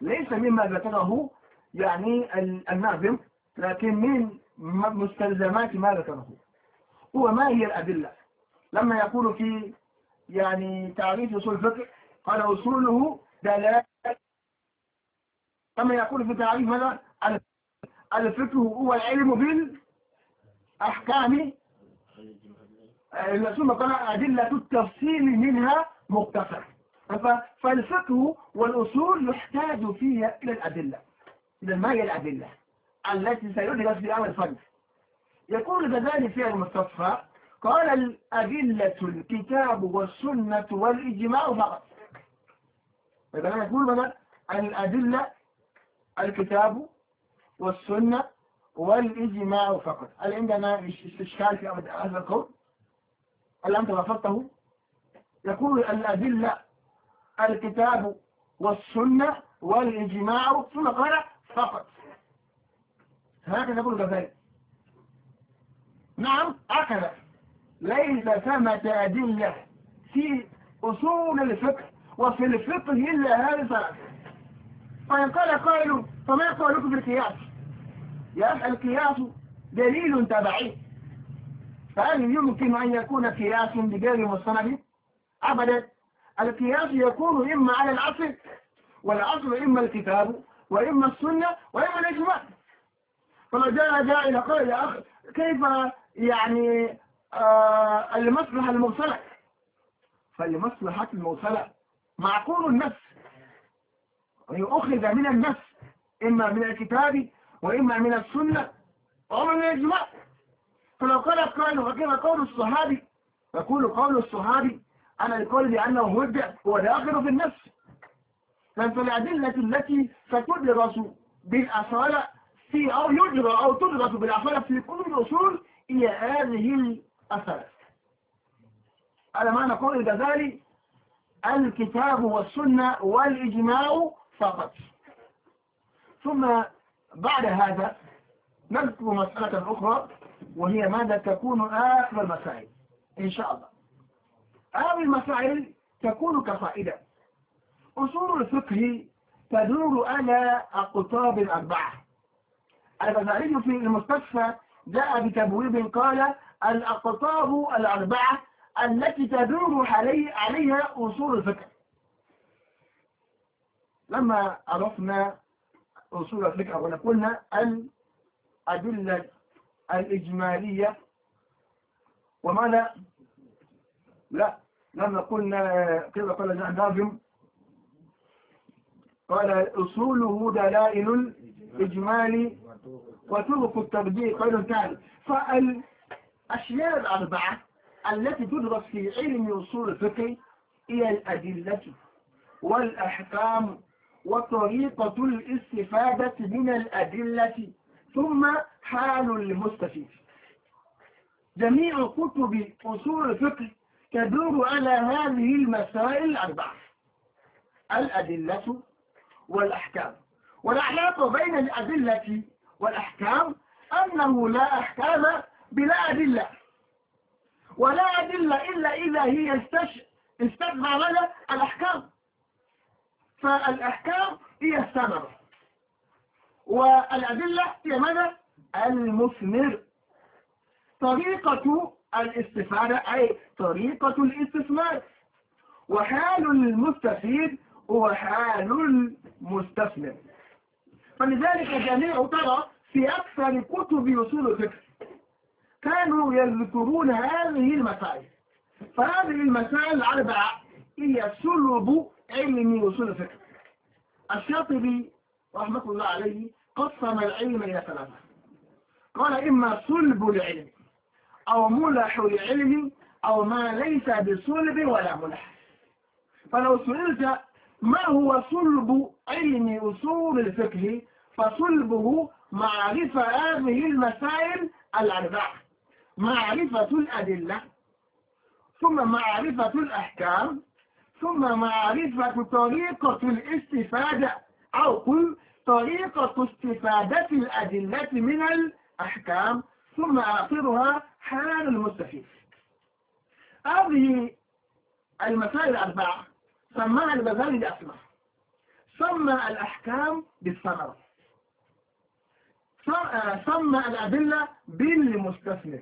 ليس مما ذكره يعني الناظم لكن من مستلزمات ما ذكره هو ما هي الأدلة لما يقول في يعني تعريف أصول الفقه قال أصوله دلالة كما يقول في تعريف ماذا الفقه هو العلم بالأحكام ثم آه، قال أدلة التفصيل منها مقتصر فالفقه والأصول يحتاج فيها إلى الأدلة إذا ما هي الأدلة التي سيدرس في الفقه يقول كذلك في المستصفى قال الأدلة الكتاب والسنة والإجماع فقط إذا أنا أقول مثلا عن الأدلة الكتاب والسنة والإجماع فقط هل عندنا استشكال في هذا القول؟ هل أنت رفضته؟ يقول الأدلة الكتاب والسنة والإجماع ثم قال فقط هكذا يقول الغزالي نعم هكذا ليس ثمة أدلة في أصول الفقه وفي الفقه إلا هذا الثلاثة فإن قال قائل فما قولكم في القياس أخي القياس دليل تبعي فهل يمكن أن يكون قياس بغير مستند؟ أبدا القياس يكون إما على الأصل والأصل إما الكتاب وإما السنة وإما الإجماع فلو جاء جاء إلى قائل أخي كيف يعني المصلحة آه، المرسلة فلمصلحة المرسلة معقول النفس يؤخذ من النفس إما من الكتاب وإما من السنة أو من الإجماع فلو قال قائل وكيف قول الصحابي يقول قول الصحابي أنا القول لأنه هدع هو داخل في النفس لأن الأدلة التي ستدرس بالأصالة في أو يجرى أو تدرس بالأصالة في كل الأصول هي هذه أثر على معنى قول الغزالي الكتاب والسنة والإجماع فقط ثم بعد هذا نذكر مسألة أخرى وهي ماذا تكون آخر المسائل إن شاء الله آخر المسائل تكون كفائدة أصول الفقه تدور على أقطاب أربعة الغزالي في المستشفى جاء بتبويب قال الأقطاب الأربعة التي تدور علي عليها أصول الفقه لما عرفنا أصول الفقه ونقولنا الأدلة الإجمالية وماذا لا لما قلنا كيف قال الناظم قال أصوله دلائل الإجمال وطرق التبديل قال تعالى فال الأشياء الأربعة التي تدرس في علم اصول الفقه هي الأدلة والأحكام وطريقة الاستفادة من الأدلة ثم حال المستفيد جميع كتب أصول الفقه تدور على هذه المسائل الأربعة الأدلة والأحكام والعلاقة بين الأدلة والأحكام أنه لا أحكام بلا أدلة ولا أدلة إلا إذا هي لنا الأحكام فالأحكام هي الثمرة والأدلة هي ماذا؟ المثمر طريقة الاستفادة أي طريقة الاستثمار وحال المستفيد هو حال المستثمر فلذلك جميع ترى في أكثر كتب أصول الفكر كانوا يذكرون هذه المسائل فهذه المسائل الأربعة هي سلب علم أصول الفقه الشاطبي رحمة الله عليه قسم العلم إلى ثلاثة قال إما صلب العلم أو ملح العلم أو ما ليس بصلب ولا ملح فلو سئلت ما هو صلب علم أصول الفقه فصلبه معرفة هذه المسائل الأربعة معرفة الأدلة ثم معرفة الأحكام ثم معرفة طريقة الاستفادة أو قل طريقة استفادة الأدلة من الأحكام ثم آخرها حال المستفيد هذه المسائل الأربعة سماها الغزالي بأسماء سمى الأحكام بالثمرة سمى الأدلة بالمستثمر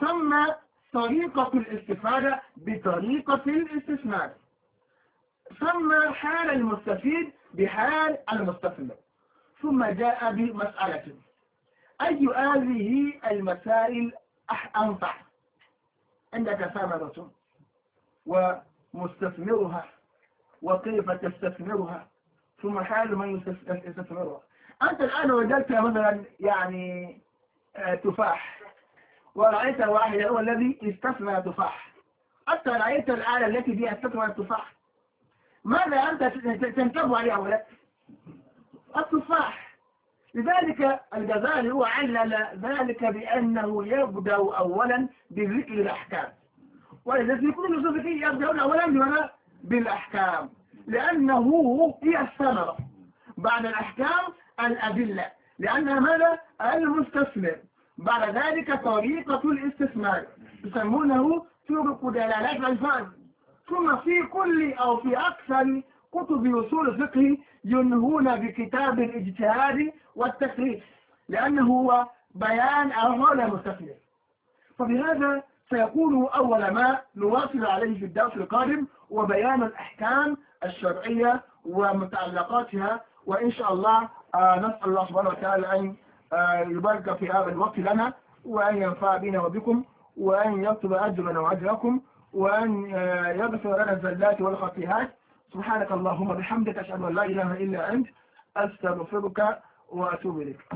سمى طريقة الاستفادة بطريقة الاستثمار سمى حال المستفيد بحال المستثمر ثم جاء بمسألة أي هذه المسائل أنفع عندك ثمرة ومستثمرها وكيف تستثمرها ثم حال من يستثمرها أنت الآن وجدت مثلا يعني آه، تفاح ورأيت الواحد هو الذي استثمر التفاح حتى رأيت الآلة التي بها استثمر التفاح ماذا أنت تنتبه عليها أولا التفاح لذلك الجزالي هو علل ذلك بأنه يبدأ أولا بذكر الأحكام ولذلك يكون الفقهي يبدأون أولا بالأحكام لأنه هي الثمرة بعد الأحكام الأدلة لأنها ماذا؟ المستثمر بعد ذلك طريقة الاستثمار يسمونه طرق دلالات الألفاظ ثم في كل أو في أكثر كتب أصول الفقه ينهون بكتاب الاجتهاد والتفريق لأنه هو بيان أهوال المستثمر فبهذا سيكون أول ما نواصل عليه في الدرس القادم وبيان الأحكام الشرعية ومتعلقاتها وإن شاء الله آه، نسأل الله سبحانه وتعالى أن آه، يبارك في هذا الوقت لنا وأن ينفع بنا وبكم وأن يطلب أجرنا وأجركم وأن آه، يغفر لنا الزلات والخطيئات سبحانك اللهم بحمدك أشهد أن لا إله إلا أنت أستغفرك وأتوب إليك